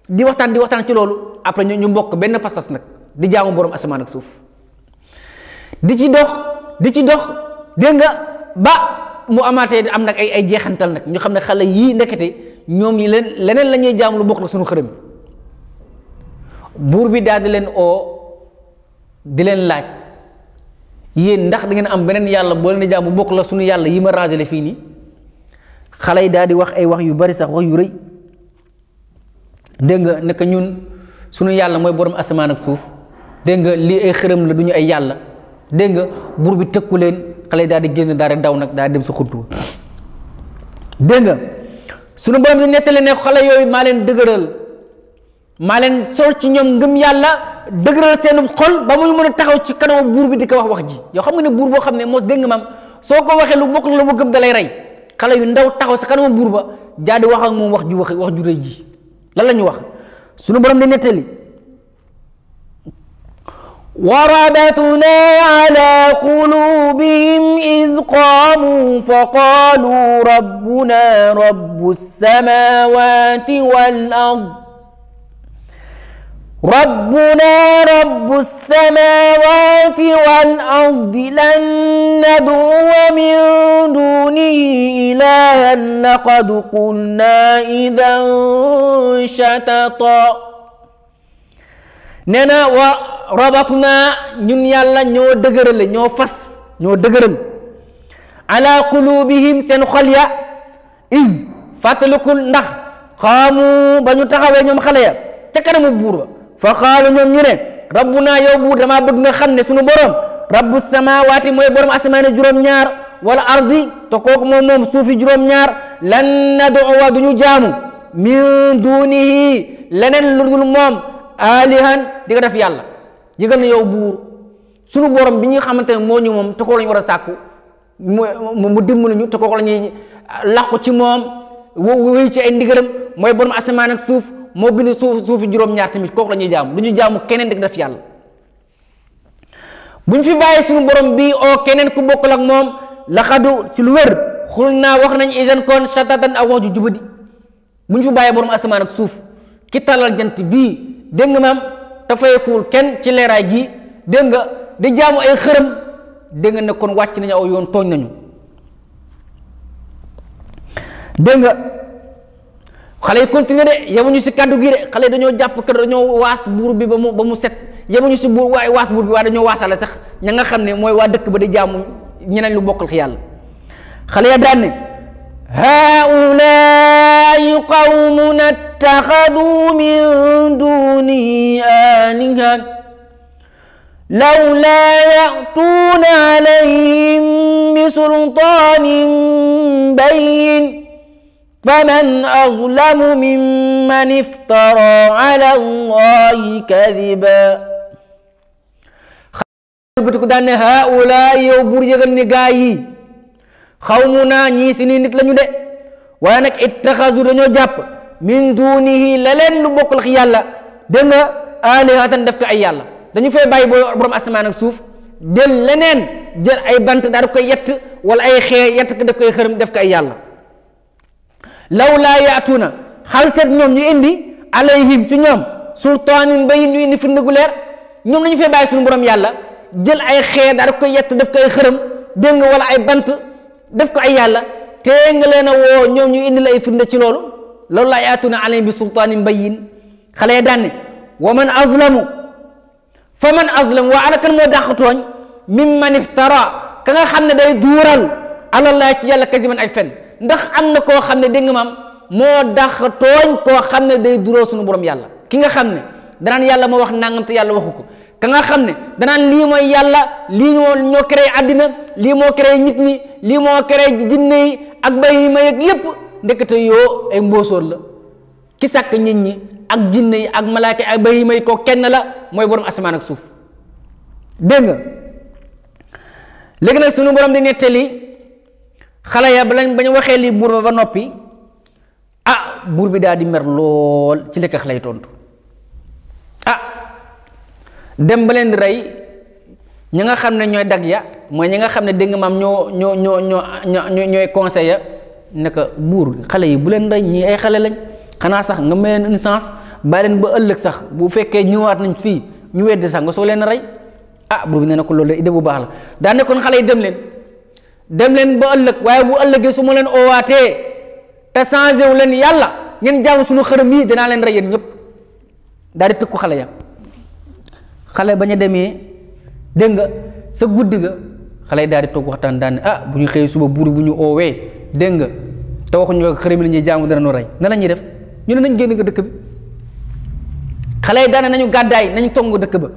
di waxtaan di waxtaan ci loolu après ñu bokk benn pas-pas nag di jaamu borom asamaan ak suuf di ci dox di ci dox dégg nga ba mu amaatee am nag ay ay jeexantal nag ñu xam ne xale yii ndekete ñoom yi leen leneen la ñuy jaamu lu bokk la suñu xërëm buur bi daal di leen oo di leen laaj. yéen ndax da ngeen am beneen yàlla boo leen di jaamu bokk la suñu yàlla yi ma rangele fii nii xale yi daal di wax ay wax yu bari sax wax yu rëy dégg nga nekk ñun suñu yàlla mooy borom asamaan ak suuf dégg nga lii ay xërëm la du ñu ay yàlla dégg nga buur bi tëkku leen xale yi daal di génn daal di daw nag daal di dem sa xuntu dégg nga suñu borom di nettali ne xale yooyu maa leen dëgëral maa leen sol ci ñoom ngëm yàlla dëgëral seenum xol ba muy mën a taxaw ci kanamu buur bi di ko wax wax ji yow xam nga ne buur boo xam ne mos dégg nga soo ko waxee lu bokk la mu gëm da lay rey yu ndaw taxaw sa kanamu buur ba jaadi wax ak moom wax ju wax wax ju rëy ji lan la ñu wax sunu borom di nettali وربطنا على قلوبهم إذ قاموا فقالوا ربنا رب السماوات والأرض ربنا رب السماوات والأرض لن ندعو من دونه إلها لقد قلنا إذا شتطا nee na wa rabatna ñun yàlla ñoo dëgërale ñoo fas ñoo dëgëral ala qulubihim seen xol ya is fàttalikul ndax xaamu ba ñu taxawee ñoom xale ya ca kanamu buur ba fa qaalu ñoom ñu ne rabbuna yow buur damaa bëgg nga xam ne sunu borom rabbu samawaati mooy borom asamaani juróom-ñaar wala ardi ta kooku moom moom suufi juróom-ñaar lan nad'uwa du ñu jaamu min dunihi leneen lu dul moom alihan di nga def yàlla yëgal na yow buur sunu borom bi ñuy xamante ne moo ñu moom te koo la ñu war a sàkku mu mu dimbali ñu te la ñuy ci moom wéy ci ay ndigalam mooy borom asamaan suuf. moo bind suuf suufi juróom-ñaar tamit kooku la ñuy jaamu du ñu jaamu keneen rek def yàlla bu ñu fi bàyyi suñu borom bii oo keneen ku bokkul ak moom laxadu ci lu wér xul naa wax nañu isan kon satatan ak wax ju jubadi bu ñu fi bàyyi borom asamaan ak suuf ki talal jant bii dégg nga maam te kenn ci leeraay gi dégg nga di jaamu ay xërëm dégg nga wàcc nañu aw yoon tooñ nañu dégg xale yi continué de yemuñu si kaddu gi de xale yi dañoo jàpp que dañoo waas buur bi ba mu ba mu set si buur waaye waas buur bi waaye dañoo waasale sax ña nga xam ne mooy waa dëkk ba di jaamu ñeneen lu bokkal yàlla xale ya daan ne haulaa'i qawmun attaxadu min duni aliha lawlaa ya'tuuna alayhim bi sultaanin bayin فمن أظلم ممن افترى على الله كذبا bëtiku ko ne haula yow buur yëgal ni gaa yi xawmu naa ñii si nii nit lañu de waaye nag ittaxasu dañoo jàpp min dunihi la leen lu bokkul ak yàlla da nga alihatan def ko ay yàlla dañu fee bàyyi boo borom asamaan ak suuf jël leneen jël ay bant daal di koy yett wala ay xee yett ko def koy xërëm def ko ay yàlla law laa yaatuuna xal seet ñoom ñu indi alayhim ci ñoom sultaanin bayin ñu indi firnde gu leer ñoom nañu fee bàyyi suñu borom yàlla jël ay xeer daal ko yett daf ko ay xërëm dégg wala ay bant def ko ay yàlla te nga leen woo ñoom ñu indi la ay firnde ci loolu loolu laa yaatuuna alayhim bi sultaanin bayin xale ya daan ne wa man azlamu fa man azlamu waa ana kan moo dàq tooñ mimman xam ne day duural alallahi ci yàlla kasiman ay fen ndax am na koo xam ne dégg nga maam moo dax tooñ koo xam ne day duroo suñu boroom yàlla ki nga xam ne danaan yàlla moo wax nangam yàlla waxu ko ka nga xam ne danaan lii mooy yàlla lii moo ñoo créé àddina lii moo créé nit ñi lii moo créé jinne yi ak bay yi may ak lépp ndekete ay mbóosóor la ki sàkk nit ñi ak jinne yi ak malaaka ak bay may ko kenn la mooy borom asamaan ak suuf dégg nga léegi nag sunu borom di nettali xale ya ba lañ ba ñu waxee lii buur ba ba noppi ah buur bi daal di mer lool ci lekk xale yi tontu ah dem ba leen rey ñi nga xam ne ñooy dag ya mooy ñi nga xam ne dégg nga maam ñoo ñoo ñoo ñoo ñooy conseil ya naka buur xale yi bu leen rey ñii ay xale lañ xanaa sax nga may leen une ba leen ba ëllëg sax bu fekkee ñëwaat nañ fii ñu weddi sax nga soo leen rey ah buur bi nee na ko loolu idée bu baax la daa nekkoon xale yi dem leen. dem leen ba ëllëg waaye bu ëllëgee su ma leen oowaatee te changé leen yàlla ngeen jaamu suñu xërëm yi danaa leen rey yéen ñëpp daal di tëkku xale ya xale bañ demee dégg nga sa guddi ga xale yi daal toog waxtaan daan ne ah, bu ñu xëyee suba buur bu ñu oowee dégg nga te waxuñu ko xërëm yi la ñuy jaamu dana def ñu ne nañ génn dëkk bi xale nañu gàddaay nañu tong dëkk ba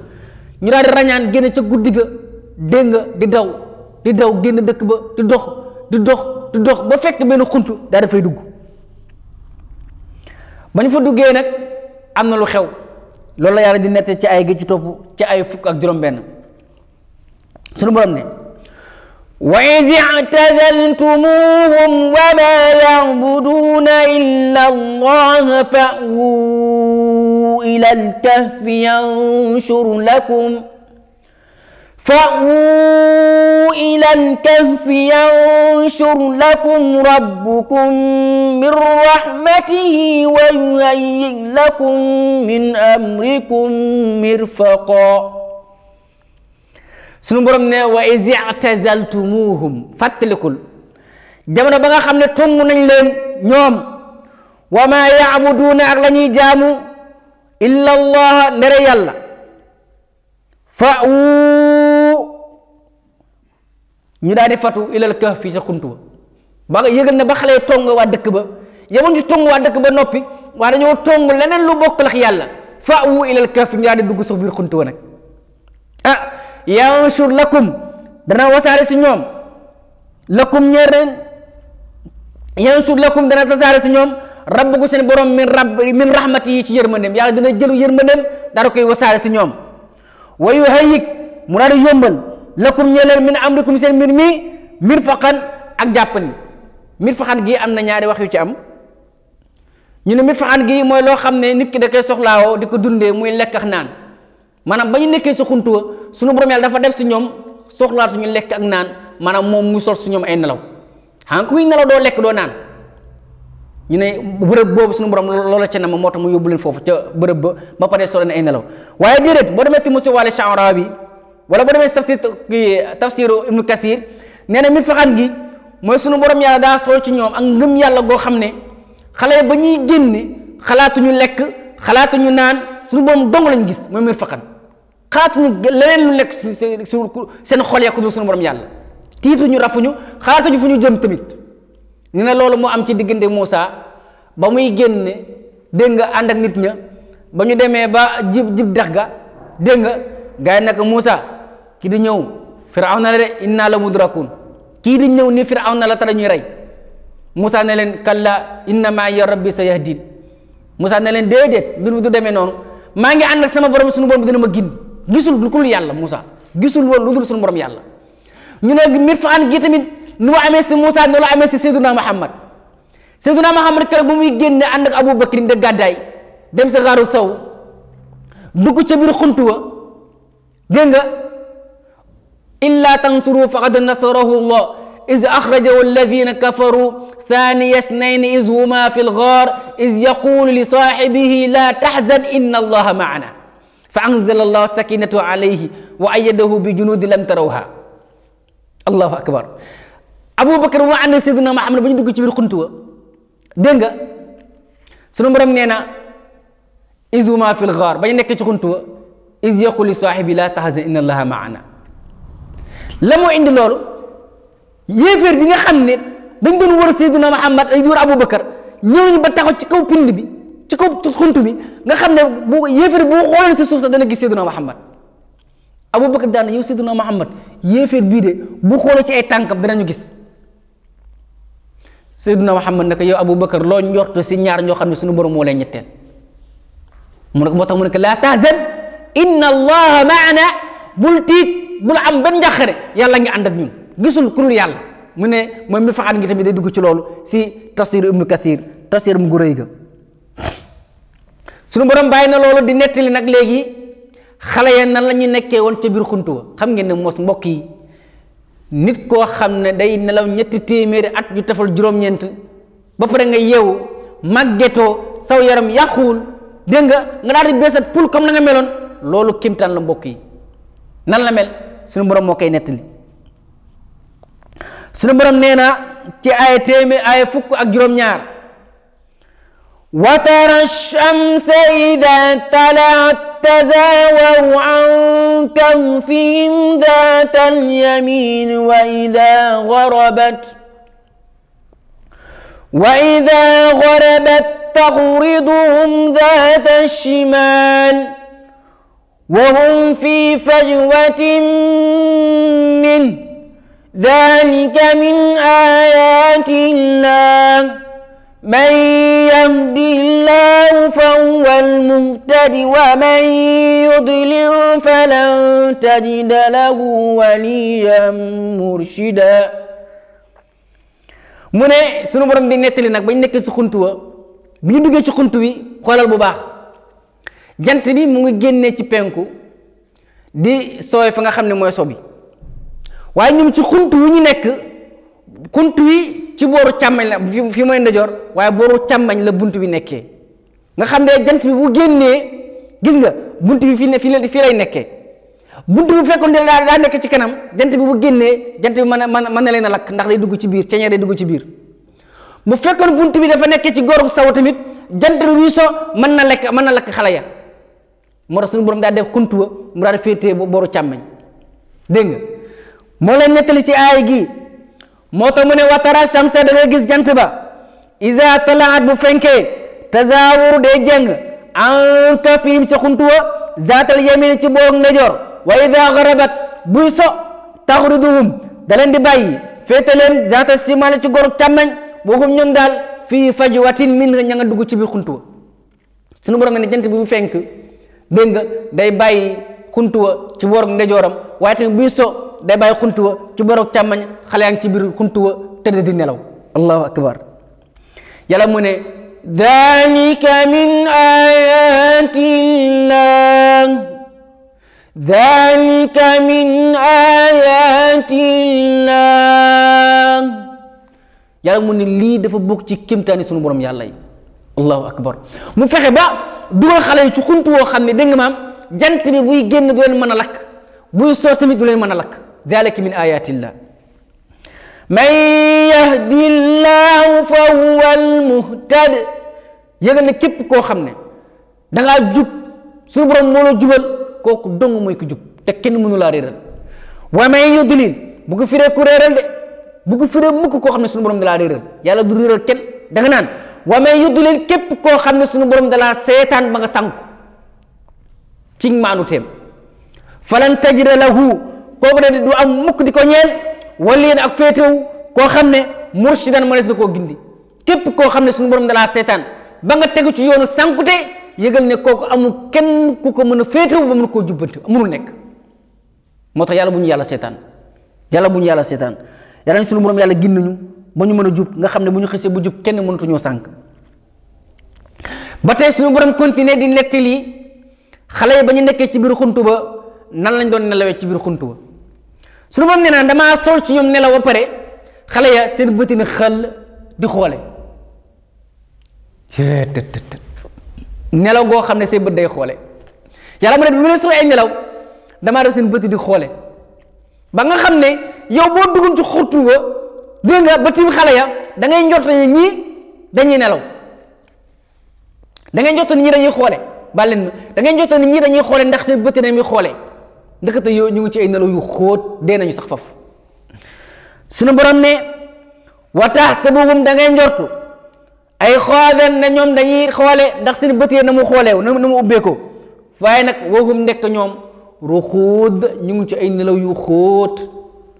ñu daal di rañaan génn ca guddi ga dégg nga di daw. di daw génn dëkk ba di dox di dox di dox ba fekk benn xunt daa dafay dugg ba ñu fa duggee nag am na lu xew loolu la yàlla di nette ci ay géej ci topp ci ay fukk ak juróom-benn sunu borom ne wa iz i'tazaltumuhum wa ma ila al yanshur lakum فأووا إلى الكهف ينشر لكم ربكم من رحمته ويهيئ لكم من أمركم مرفقا sunu borom ne wa iz i'tazaltumuhum fàttalikul jamono ba nga xam ne tong nañ leen ñoom wa ma ya'buduuna ak la ñuy jaamu illa allah ndere yàlla fa ñu daal di fatu ilal kahf fii sa xuntu ba ba na ba xale tong waa dëkk ba yemoon ci tong waa dëkk ba noppi waa dañoo tong leneen lu bokk lax yàlla fa wu ilal kahf ñu daal di dugg sax biir xuntu nag ah yanshur lakum dana wasaare si ñoom lakum ñeer leen yanshur lakum dana tasaare si ñoom rabbuku seen borom min rabb min rahmati yi ci yërmandeem yàlla dina jëlu yërmandeem daal di koy wasaare si ñoom wa yuhayyik mu daal yombal lakum ne am amrikum seen mbir mii mbir faqan ak jàppandi mbir faxan gii am na ñaari wax yu ci am ñu ne mbir faxan gii mooy loo xam ne nit ki da koy soxlaawoo di ko dundee muy lekk ak naan maanaam ba ñu nekkee si xuntuwa suñu borom yàlla dafa def si ñoom soxlaatu ñu lekk ak naan maanaam moom mu sol si ñoom ay nelaw xam kuy nelaw doo lekk doo naan ñu ne bërëb boobu suñu borom loola ca na moo tax mu yóbbu leen foofu ca bërëb ba ba pare solo ay nelaw waaye déedéet boo demee ti mu si wàlle bi wala ba demee si tafsir kii tafsiru ibnu kathir nee na faxan gi mooy sunu borom yàlla daa soo ci ñoom ak ngëm yàlla goo xam ne xale ba ñuy génn xalaatuñu lekk xalaatuñu naan suñu borom dong lañ gis mooy mir faxan xalaatuñu leneen lu nekk seen xol ya ko sunu borom yàlla tiituñu rafuñu xalaatuñu fu ñu jëm tamit ñu ne loolu mu am ci diggante muusa ba muy génn dégg nga ànd ak nit ña ba ñu demee ba jib jib dex ga dégg nga gars yi ki di ñëw firaw na la de inna la mudrakun kii di ñëw ni firaw na la tala ñuy rey Moussa ne leen kalla inna maa ya rabbi sa yahdin Moussa ne leen déedéet mbir mi du demee noonu maa ngi ànd ak sama borom suñu borom dina ma gindi gisul lu dul yàlla Moussa gisul woon lu borom yàlla ñu ne mit fa an gi tamit nu ma amee si Moussa noonu amee si Seyduna Muhammad Seyduna Muhammad keroog bu muy génne ànd ak Abu Bakrin de gàddaay dem sa xaaru saw dugg ca biir xuntu wa illaa tansuru faqad nasarahu llah iz axrajahu alladina kafaru thaniya snayni iz huma fi lgaar iz yaqulu li saaxibihi laa taxzan inna allaha maana fa anzala allahu sakinatahu alayhi wa ayyadahu bi junudi lam tarawha allahu akbar aboubacar moo ànd ak seydina Muhammad ba ñu dugg ci biir xunt wa dégg nga sunu borom nee na iz huma fi lgaar ba ñu nekk ci xunt wa iz yaqulu li saaxibi laa taxzan inna allaha maana la indi loolu yéeféer bi nga xam ne dañ doon wër Seydina Muhammad ay wër Aboubacar ñëw ñu ba taxaw ci bi ci kaw xunt bi nga xam ne bu yéeféer bu si suuf sax dana gis Seydina Muhammad Aboubacar daan yow Seydina Muhammad yéeféer bii de bu xoolee ci ay tànkam danañu gis Seydina Muhammad naka yow Aboubacar loo njort si ñaar ñoo xam ne suñu borom moo leen ñetteel mu ne moo tax mu ne laa tahzan inna allaha maana bul tiit bul am benn njàqare yàlla ngi ànd ak ñun gisul ku dul yàlla mu ne mooy mi faxaat ngi tamit day dugg ci loolu si tafsir ibnu kathir tafsir mu guréy ga suñu borom bàyyi na loolu di nettali nag léegi xale ya nan la ñu nekkee woon ca biir xuntu xam ngeen ne mos mbokk yi nit koo xam ne day nelaw ñetti téeméeri at yu tefal juróom-ñeent ba pare nga yeewu màggetoo saw yaram yàquwul dégg nga nga daal di beesat pul comme na nga meloon loolu kimtaan la mbokk yi nan la mel suñu borom moo koy nettali suñu borom nee na ci ay téeméer ay fukk ak juróom-ñaar wa tara shamsa ida talaat tazawaru an kawfihim daat alyamin wa ida garabat وإذا غربت تقرضهم ذات الشمال وهم في فجوة منه ذلك من آيات الله من يهد الله فهو المهتد ومن يضلل فلن تجد له وليا مرشدا mu ne sunu borom di nettali nag bañ nekk ci xunt wa bi ñu duggee ci xunt wi xoolal bu baax jant bi mu ngi génnee ci penku di sooy fa nga xam ne mooy so bi waaye ñoom ci xunt wu ñu nekk xunt wi ci booru càmmañ la fi mooy ndeyjoor waaye booru càmmañ la bunt bi nekkee nga xam ne jant bi bu génnee gis nga bunt bi fii ne fii lay nekkee bunt bu fekkoon ne daa daa nekk ci kanam jant bi bu génnee jant bi mën a mën na leen a lakk ndax day dugg ci biir ceeñeer day ci biir bu fekkoon bunt bi dafa nekkee ci góor saw tamit jant bi so mën na lekk mën na lakk xale ya moo tax suñu borom daal def xuntu wa mu daal féetee boru càmmeñ dégg nga moo leen nettali ci aay gi moo tax mu ne watara shamsa da gis jant ba isaa talaat bu fenkee tazawuru day jeng an tafim ci xuntu wa zaatal ci boog ndeyjoor wa ida garabat buy so taxriduhum da leen di bàyyi féete leen zaatal simaale ci goru càmmeñ boogum ñun daal fii fajwatin min nga ña nga dugg ci biir xuntu wa borom ne jant bi bu fenk dégg nga day bàyyi xuntuwa ci boorog ndejooram waaye tamit buy so day bàyyi xuntuwa ci boorog càmmañ xale yaa ci biir xuntuwa tëdd di nelaw allahu akbar yàlla mu ne dalika min ayatillah dalika min ayatillah yàlla mu ne lii dafa bokk ci kémtaani sunu borom yàlla yi allahu akbar mu fexe ba dugal xale yi ci xuntu woo xam ne dégg nga maam jant buy génn du leen mën a lakk buy soo tamit du leen mën a lakk zalika min ayatillah man yahdi llahu fa huwa almuhtad yëga képp koo xam ne dangaa jub suñu borom moo la jubal kooku dong mooy ko jub te kenn mënu laa réeral wa man yudlil bu ko firee ku de bu firee mukk koo xam ne suñu borom da laa réeral yàlla du réeral kenn da nga naan waa wa man yudlil képp koo xam ne suñu borom dalaa seetaan ba nga sànku ci maanu teem falan tajida lahu kooku de du am mukk di ko ñeel wala yéen ak féetewu koo xam ne murshidan mënees na koo gindi képp koo xam ne suñu borom dalaa seetaan ba nga tegu ci yoonu sànkute yégal ne kooku amul kenn ku ko mën a féetewu ba mën koo jubbante mënul nekk moo tax yàlla bu ñu yàlla seetaan yàlla bu ñu yàlla seetaan yàlla ñu suñu borom yàlla gindi ñu ba ñu mën a jub nga xam ne bu ñu xësee bu jub kenn mënatuñoo sànq ba tey suñu borom continuer di nekk lii xale yi ba ñu nekkee ci biir xuntu ba nan lañ doon nelawee ci biir xuntu ba suñu borom nee naa damaa sol ci ñoom nelaw ba pare xale ya seen bëti ni xël di xoole nelaw goo xam ne seen bët day xoole yàlla mu ne bi mu ne soo ay nelaw damaa def seen bëti di xoole ba nga xam ne yow boo dugg ci xuntu ba dégg nga ba tiim xale ya da ngay njort ni ñii dañuy nelaw da ngay njort ni ñii dañuy xoole bàyyi leen da ngay njort ni ñii dañuy xoole ndax seen bëtt na mi xoole ndekete yow ñu ngi ci ay nelaw yu xóot dee nañu sax foofu suñu borom ne wa taxsabuhum da ngay njortu ay xooleen ne ñoom dañuy xoole ndax seen bët na mu xoolee na mu ubbeekoo waaye nag wahum nekk ñoom ruxuud ñu ngi ci ay nelaw yu xóot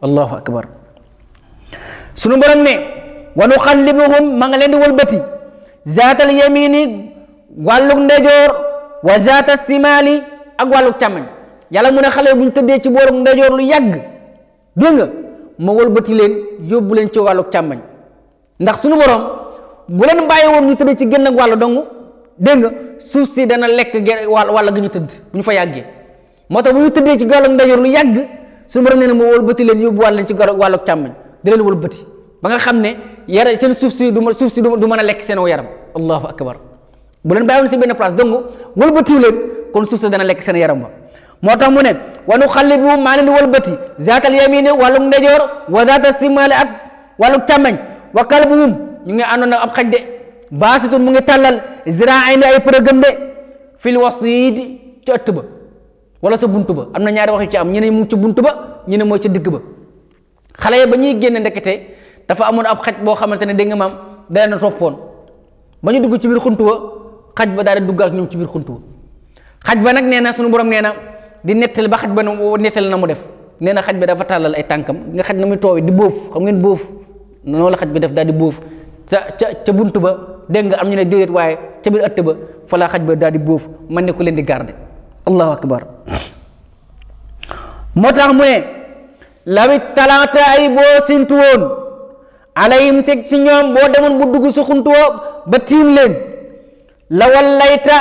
allahu akbar sunu borom ne wa nuqallibuhum ma nga leen di wëlbati zaatal yamini wàllug ndejoor wa zaata simaali ak wàllug càmmañ yàlla mu ne xale bu ñu tëddee ci boorug ndejoor lu yàgg dégg nga ma wëlbati leen yóbbu leen ci wàllug càmmañ ndax sunu borom bu leen bàyyi woon ñu tëddee ci génn ak wàllu dong dégg nga suuf si dana lekk ge wàll wàll gi ñu tëdd bu ñu fa yàggee moo tax bu ñu tëddee ci wàllug ndejoor lu yàgg sunu borom nee na ma wëlbati leen yóbbu wàll leen ci wàllug càmmañ di leen wëlbati ba nga xam ne yara seen suuf si du suuf si du mën a lekk seen yaram allahu akbar bu leen bàyyiwoon si benn place donc wëlbatiwu leen kon suuf si dana lekk seen yaram ba moo tax mu ne wa nu xallibu maa leen wëlbati zaatal yamini wàllu ndejoor wa zaata simaali ak wàllu càmmeñ wa kalbuhum ñu ngi àndoon ak ab xaj de baasitun mu ngi tàllal ziraayn ay përëgëm de fil wasiid ci ëtt ba wala sa buntu ba am na ñaari wax yu ci am ñu ne mu ci buntu ba ñu ne mooy ca digg ba xale ya ba ñuy génn ndekkete dafa amoon ab xaj boo xamante ne dégg nga maam da na a toppoon ba ñu dugg ci biir xuntu ba xaj ba daal di dugg ak ñoom ci biir xuntu xaj ba nag nee na sunu borom nee na di nettali ba xaj ba nettali na mu def nee xaj ba dafa ay tànkam nga xaj na muy tooy di bóof xam ngeen bóof noonu la xaj bi def daal di bóof ca ca ca bunt ba dégg nga am ñu ne déedéet waaye ca biir ëtt ba falaa laa xaj ba daal di bóof man ne ku leen di garde allahu akbar moo tax mu ne lawit talaata ay boo séntu woon alayhim seg si ñoom boo demoon bu dugg si xuntu woo ba tiim leen la wallayta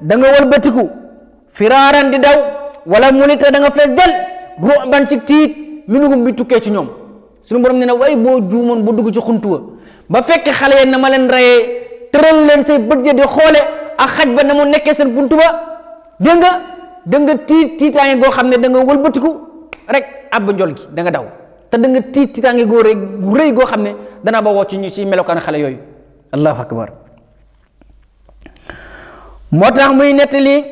da nga walbatiku firaaran di daw wala mulita da nga fees del ruban ci tiit minhum bi tukkee ci ñoom suñu borom nee na way boo juumoon bu dugg ci xuntu wa ba fekk xale yeen na ma leen rayee tëral leen say bët ya di xoole ak xaj ba na mu nekkee seen buntu ba dégg nga dégg tiit tiitaange goo xam ne da nga rek àbb njol gi danga daw te da nga tiit tiitaange goo rëy gu rëy goo xam ne danaa ba woo ci ñu ci melokaan xale yooyu allahu akbar moo tax muy nettali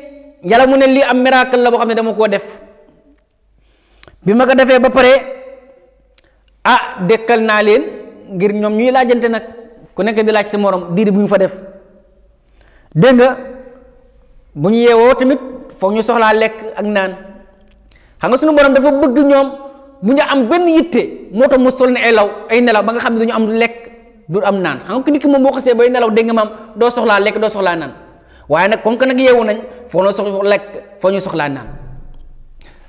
yàlla mu ne lii am miracle la boo xam ne dama koo def bi ma ko defee ba pare a ah, dëkkal naa leen ngir ñoom ñuy laajante nag ku nekk di laaj sa morom diir bu ñu fa def dégg nga bu ñu yeewoo tamit foog ñu soxlaa lekk ak naan xam nga suñu borom dafa bëgg ñoom mu ñu am benn yitte moo tax mu sol ne ay law ay nelaw ba nga xam ne dañu am lekk du am naan xam nga ki ki moom boo xasee bay nelaw dégg nga maam doo soxlaa lekk doo soxlaa naan waaye nag comme que nag yeewu nañ foo noo soxla lekk foo ñu soxlaa naan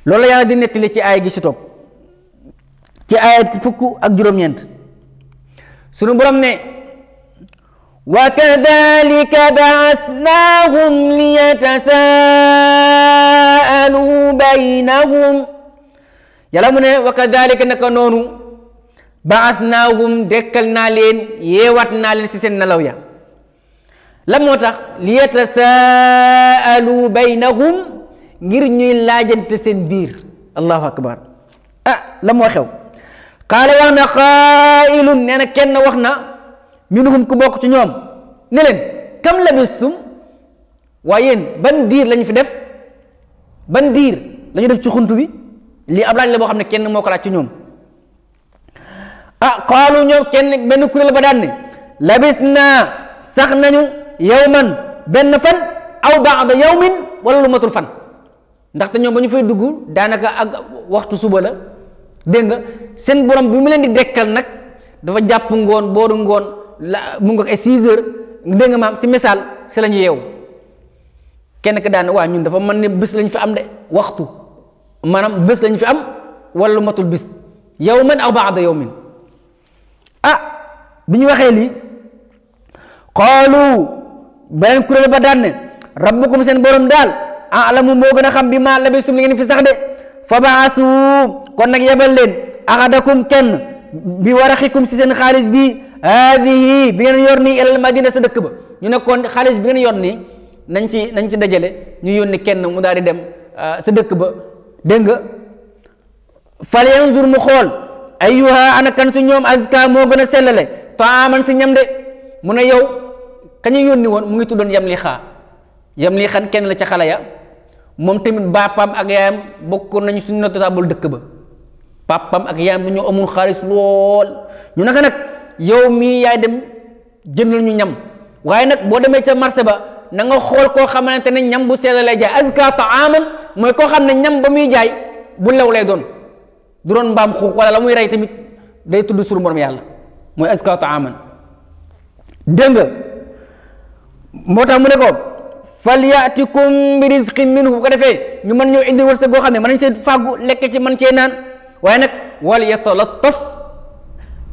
loolu la yàlla di nettali ci aaya gi si ci aaya fukk ak juróom-ñeent suñu borom ne وكذلك بعثناهم ليتساءلوا بينهم yàlla mu ne wa kadalika naka noonu baasnaahum dekkal naa leen yeewaat naa leen si seen nelaw ya la moo tax li yatasaalu baynahum ngir ñuy laajante seen biir allahu akbar ah la moo xew qaala wax na qaa'ilun kenn wax na minhum ku bokk ci ñoom ne leen kam labistum waaye yéen ban diir lañu fi def ban diir lañu def ci xunt bi lii ab laaj la boo xam ne kenn moo ko laaj ci ñoom ah qaalu ñoom kenn benn kuréel ba daan ne labis sax nañu yawman benn fan aw baada yawmin wala lu matul fan ndaxte ñoom ba ñu fay dugg daanaka ak waxtu suba la dégg nga seen borom bi mu leen di dekkal nag dafa jàpp ngoon booru ngoon la mu nga ay 6 heures dégg nga maam si misaal si la ñu yeew kenn ka daan waa ñun dafa mën ne bés lañ fi am de waxtu maanaam bés lañ fi am wala lu matul bés yow man aw baada yow min ah bi ñu waxee lii qaalu ba daan ne rabbukum seen borom daal alamu moo gën a xam bi maa labistum li ngeen fi sax de fa baasu kon nag yebal leen axadakum kenn bi waraxikum si seen xaalis bi haadihi bi ngeen yor nii ilal madina sa dëkk ba ñu ne xaalis bi ngeen yor nii nañ ci nañ ci dajale ñu yónni kenn mu daal di dem ah, sa dëkk ba dégg nga fal yanzur mu xool ayyuha ana kan su ñoom azka moo gën a sellale taaman si ñam de mu ne yow kañu yónni woon mu ngi tuddoon yam li xaa yam lii xan kenn la ci xale ya moom tamit baapaam ak yaayam bokkoon nañu suñu notable dëkk ba papaam xaalis lool ñu naka nag yow mii yaay dem jëndal nañu ñam waaye nag boo demee ca marché ba na nga xool koo xamante ne ñam bu sedd lay jaay azka taaman mooy koo xam ne ñam ba muy jaay bu law lay doon du doon mbaam xuux wala la muy rey tamit day tudd sur borom yàlla mooy azka taaman dégg nga moo tax mu ne ko falyatikum bi rizqin minhu bu ko defee ñu mën ñëw indi wërsëg goo xam ne mën nañ see fàggu lekk ci mën cee naan waaye nag wal yatalattaf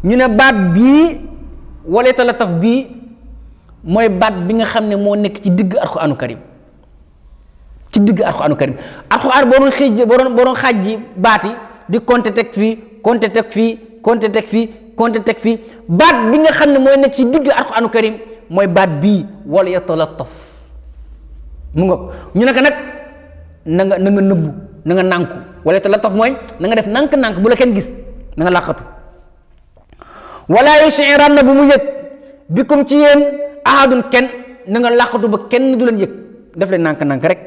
ñu ne baat bii wala talataf bii mooy baat bi nga xam ne moo nekk ci digg alxuraanu karim ci digg alxuraanu karim alxuraan boo doon xëj boo doon boo doon xaaj ji baat yi di compter teg fii compter teg fii compter teg fii compter teg fii baat bi nga xam ne mooy nekk ci digg alxuraanu karim mooy baat bii wala yatalataf mu nga ñu nekk nag na nga na nga nëbbu na nga nànku wala yatalataf mooy na nga def nànk-nànk bu la kenn gis na làqatu wala na bu mu yëg comme ci yéen ahadun kenn na nga làqatu ba kenn du leen yëg def leen nànk-nànk rek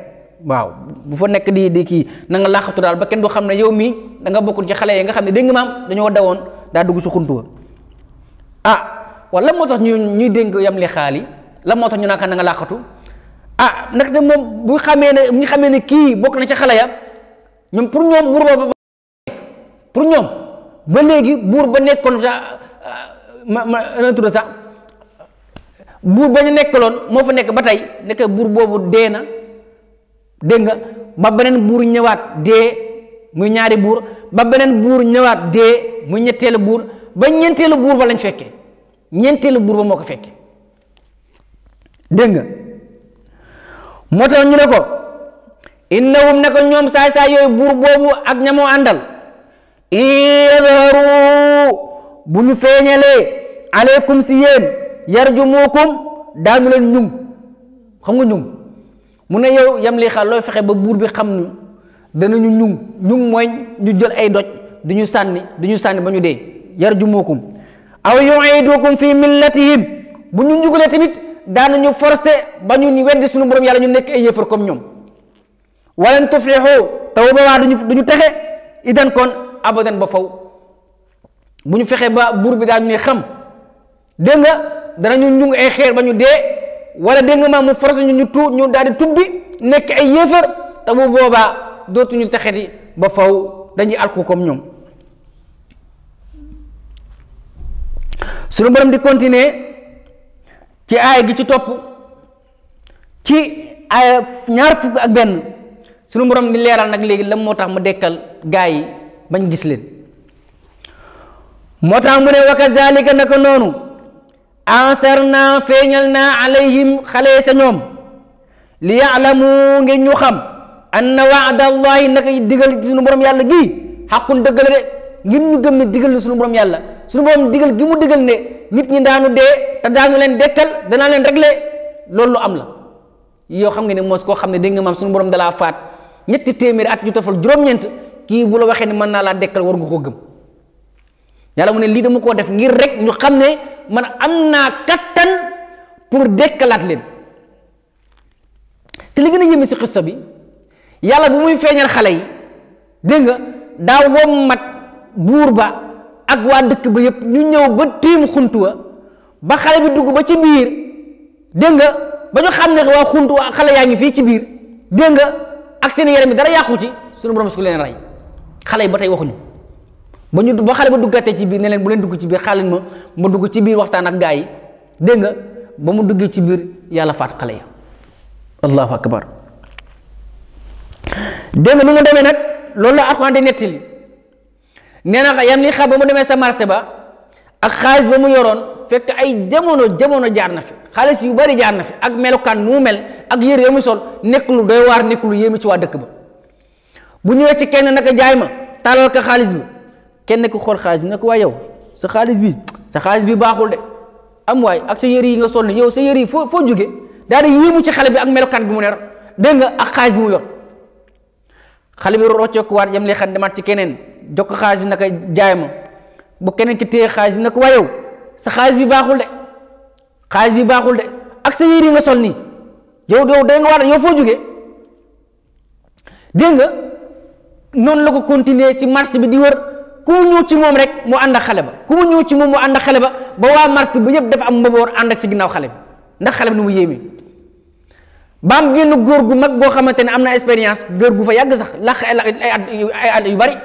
waaw bu fa nekk di di kii na nga làqatu daal ba kenn du xam ne yow mii danga nga bokkul ci xale yi nga xam ne dégg nga maam dañoo dawoon daa dugg si xunt wa ah wala moo tax ñu ñuy dénk yam li xaali la moo tax ñu naakaan na nga làqatu ah nag de moom bu xamee ne bu ñu xamee ne kii bokk na ci xale ya ñoom pour ñoom buur ba pour ñoom ba léegi buur ba nekkoon sa ma ma retour sax buur ba ñu nekkaloon moo fa nekk ba tey nekk buur boobu dee na dégg nga ba beneen buur ñëwaat dee muy ñaari buur ba beneen buur ñëwaat dee muy ñetteelu buur ba ñeenteelu buur ba lañ fekkee ñeenteelu buur ba moo ko fekkee dégg nga moo tax ñu ne ko innahum ne ko ñoom saay saay yooyu buur boobu ak ñamoo àndal yadharu bu ñu feeñalee aleykum si yéen yarjumukum daañu leen ñung xam nga ñung mu ne yow yam li xaal looy fexe ba buur bi xam ñu danañu ñung ñung mooy ñu jël ay doj du ñu sànni du ñu sànni ba ñu dee yarjumukum aw yuidukum fi millatihim bu ñu njugalee tamit daanañu forcé ba ñu weddi suñu borom yàlla ñu nekk ay yéefar comme ñoom walan tuflixu taw ba waa du ñu texe idan kon abadan ba faw bu ñu fexee ba buur bi daal ñu ne xam dégg nga danañu ñu ay xeer ba ñu dee wala dégg nga maam mu forcé ñu ñu tu ñu daal di tubbi nekk ay yéefar te bu boobaa dootuñu taxeti ba faw dañuy alku comme ñoom suñu borom di continuer ci aaya gi ci topp ci aaya ñaar fukk ak benn suñu borom di leeral nag léegi lan moo tax mu dekkal gaa yi bañ gis leen moo tax mu ne wa kazalika naka noonu na feeñal naa alayhim xale ca ñoom li yaalamu ngir ñu xam anna waada allahi naka digal suñu borom yàlla gi xaqun dëgg la de ngir ñu gëm ne digal na suñu borom yàlla suñu borom digal gi mu digal ne nit ñi daanu dee te daanu leen dekkal danaa leen réglé loolu am la yow xam nga ne moos koo xam ne dégg nga maam suñu borom dalaa faat ñetti téeméeri at ñu tofal juróom-ñeent kii bu la waxee ni mën naa laa dekkal war nga koo gëm yàlla mu ne lii dama koo def ngir rek ñu xam ne man am naa kattan pour dekkalaat leen te li gën a yéeme si xissa bi yàlla bu muy feeñal xale yi dégg nga daa wommat buur ba ak waa dëkk ba yëpp ñu ñëw ba tiim xuntu wa ba xale bi dugg ba ci biir dégg nga ba ñu xam ne waa xuntu wa xale yaa ngi fii ci biir dégg nga ak seen yaram bi dara yàqu ci sunu borom su leen rey xale yi ba tey waxuñu. ba ñu ba xale ba duggatee ci biir ne leen bu leen dugg ci biir xaaral ma ma dugg ci biir waxtaan ak gaa yi dégg nga ba mu duggee ci biir yàlla faat xale ya allahu akbar dégg nu mu demee nag loolu la Alxuraan di nettali nee na yam ni xam ba mu demee sa marché ba ak xaalis ba mu yoroon fekk ay jamono jamono jaar na fi xaalis yu bari jaar na fi ak melokaan nu mu mel ak yére mu sol nekk lu doy waar nekk lu yéeme ci waa dëkk ba bu ñëwee ci kenn naka jaay ma taalal ko xaalis bi kenn ku xool xaalis bi nag waaye yow sa xaalis bi sa xaalis bi baaxul de am waay ak sa yëri yi nga sol yow sa yëri yi foo foo jóge daal di yéemu ci xale bi ak melokaan bi mu yor dégg nga ak xaalis bi mu yor xale bi rocceekuwaat yam li xat ci keneen jox ko xaalis bi naka jaay ma bu keneen ki téye xaalis bi nag waaye sa xaalis bi baaxul de bi baaxul de ak sa yi nga sol nii yow yow dégg nga waat yow noonu la ko continuer ci marché bi di wër. ku mu ñëw ci moom rek mu ànd ak xale ba ku mu ñëw ci moom mu ànd ak xale ba ba waa mars ba yëpp dafa am mbaboor ànd ak si ginnaaw xale bi ndax xale bi nu mu yéeme ba am génn góor gu mag boo xamante ne am na expérience góor gu fa yàgg sax laq ay ay at yu bari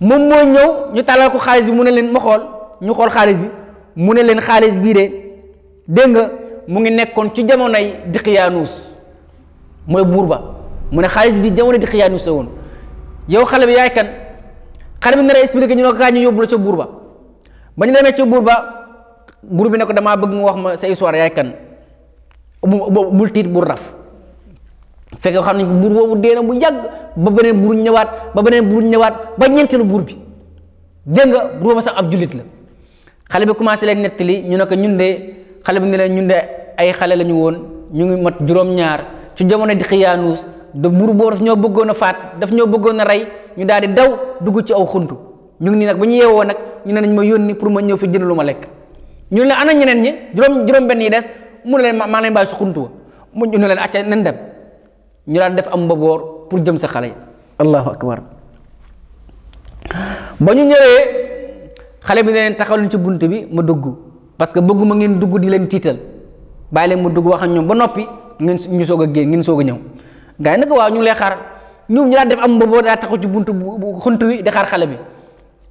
moom mooy ñëw ñu talal ko xaalis bi mu ne leen ma xool ñu xool xaalis bi mu ne leen xaalis bii de dégg nga mu ngi nekkoon ci jamonoy Diqyaanuus mooy buur ba mu ne xaalis bi jamono Diqyaanuus la woon yow xale bi yaay kan. xale bi nar a expliqué ñu ne ko kaa ñu yóbbu la ca buur ba ba ñu demee ca buur ba buur bi ne ko damaa bëgg mu wax ma sa histoire yaay kan bul tiit buur raf fekk xam nañ ko buur boobu dee na bu yàgg ba beneen buur ñëwaat ba beneen buur ñëwaat ba buur bi dégg nga buur ba sax ab jullit la xale bi commencé leen nettali ñu ne ko ñun de xale bi ne ñun de ay xale lañu woon ñu ngi mat juróom-ñaar ci jamono di xiyaanuus de mur boobu daf ñoo bëggoon a faat daf ñoo bëggoon a rey ñu daal di daw dugg ci aw xunt ñu ngi nii nag ba ñu yeewoo nag ñu ne nañ ma yónni pour ma ñëw fi jënd lu ma lekk ñu ne ana ñeneen ñi juróom juróom-benn yi des mu ne leen maa leen bàyyi su xuntu wa mu ñu ne leen acca nañ dem ñu daal def am mbaboor pour jëm sa xale yi allahu akbar ba ñu ñëwee xale bi ne leen taxaw leen ci bunt bi ma dugg parce que bëgguma ngeen dugg di leen tiital bàyyi leen ma dugg wax ak ñoom ba noppi ngeen ñu soog a génn ngeen soog a ñëw gars yi nag waaw ñu ngi xaar ñu daan def am mboboo daa taxaw ci bunt bu xunt wi di xaar xale bi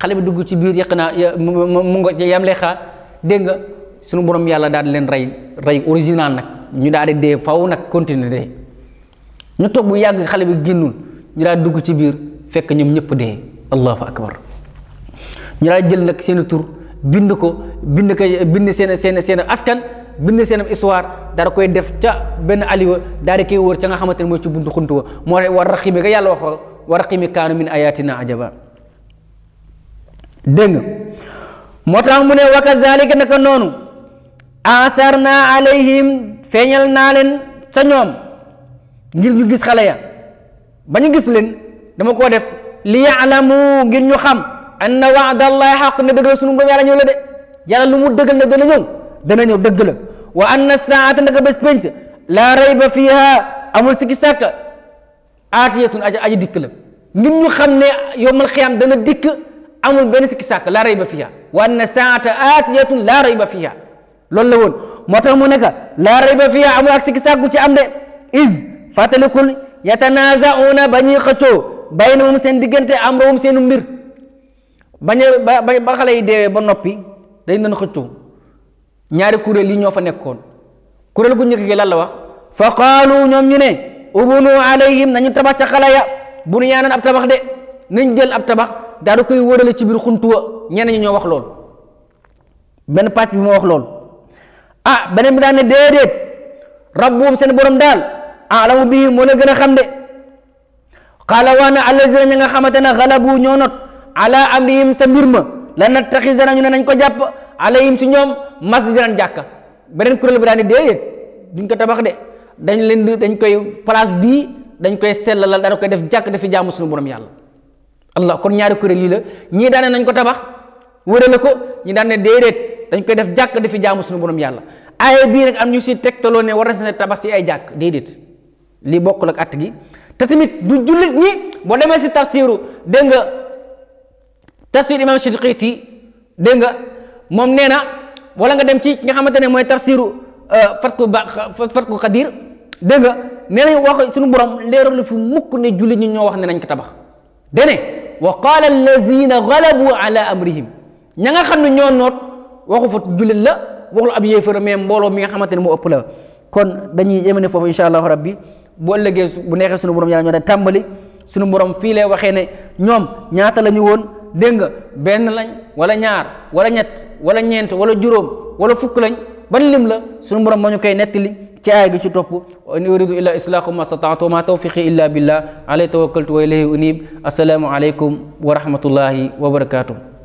xale bi dugg ci biir yëq naa mu nga yam lay xaar dégg nga suñu borom yàlla daal di leen rey rey original nag ñu daal di dee faw nag continuer dee ñu toog bu yàgg xale bi génnul ñu daal dugg ci biir fekk ñoom ñëpp dee allahu akbar ñu daal jël nag seen tur bind ko bind ko bind seen seen seen askan bind seen histoire dara koy def ca benn aliwa daal koy wër ca nga xamante ne mooy ci buntu xuntu wa moo war a ga yàlla wax war raqimi kaanu min ayatina ajaba dégg nga moo tax mu ne wa kazalika naka noonu atharna alayhim feeñal naa leen ca ñoom ngir ñu gis xale ya ba ñu gis leen dama koo def li yaalamu ngir ñu xam anna waadallahi xaq ne dëgg la sunu borom yàlla ñëw la de yàlla lu mu dëggal ne dana ñëw dana ñëw dëgg la waa anna saata ndaka bés penc laa rayba fiha amul sikki sàkka aatiyatun aji aji dikk la ngir ñu xam ne yowmal xiyaam dana dikk amul benn sikki sàkk laa rayba fiha wa anna saata aatiyatun laa rayba fiha loolu la woon moo tax mu nekk laa rayba fiha amul ak sikki sàkku ci am de is fàttalikul yatanaazauna ba ñuy xëccoo baynahum seen diggante amrahum seenu mbir bañ ba ba xale yi deewee ba noppi dañ doon xëccoo ñaari kuréel yi ñoo fa nekkoon kuréel gu njëkk gi lan wax fa qaalu ñoom ñu ne ubnu alayhim nañu tabax ca xale ya bu nu yaanan ab de nañ jël ab tabax daal di koy wërale ci biir xuntu wa ñenn ñi ñoo wax lool benn pàcc bi moo wax lool ah beneen bi daan ne déedéet rabbuhum seen borom daal alamu bii moo la gën a xam de qaala waa na allazina ña nga xamante ne galabu ñoo not ala amrihim sa mbir ma la nattaxisana ñu ne nañ ko jàpp alayhim si ñoom masjid daan jàkka beneen kuréel bi daane ne déedéet duñ ko tabax de dañ leen di dañ koy place bii dañ koy sellalal dara koy def jàkk dafi jaamu suñu borom yàlla allah kon ñaari kuréel lii la ñii daan nañ ko tabax wërale ko ñi daan ne déedéet dañ koy def jàkk dafi jaamu suñu borom yàlla ay bii nag am ñu si tegtaloo ne war na tabax si ay jàkk déedéet lii bokkul ak at gi te tamit du jullit ñi boo demee si tafsiru dégg nga tafsir imam Shinqiti dégg nga moom nee na wala nga dem ci nga xamante ne mooy tafsiru euh, fatku ba fatku xadir dégg nga nee nañ wax suñu borom leeral la fu mukk ne jullit ñi ñoo wax ne nañ ko tabax dene wa qaala allazina galabu ala amrihim ña nga xam ne ñoo noot waxu fa jullit la waxul ab yéefara mais mbooloo mi nga xamante ne moo ëpp la kon dañuy yemane foofu incha allahu rabbi bu ëllëgee bu neexee suñu borom yàlla ñoo ne tàmbali suñu borom fii lay waxee ne ñoom ñaata la ñu woon dégg nga benn lañ wala ñaar wala ñett wala ñeent wala juróom wala fukk lañ ban lim la sunu borom moo ñu koy nettali ci gi ci topp in uridu illa islaahu ma stataatu wa ma tawfiqi illa billah alayhi tawakkaltu wa ilayhi unib assalaamu aleykum wa rahmatullahi wa barakatuh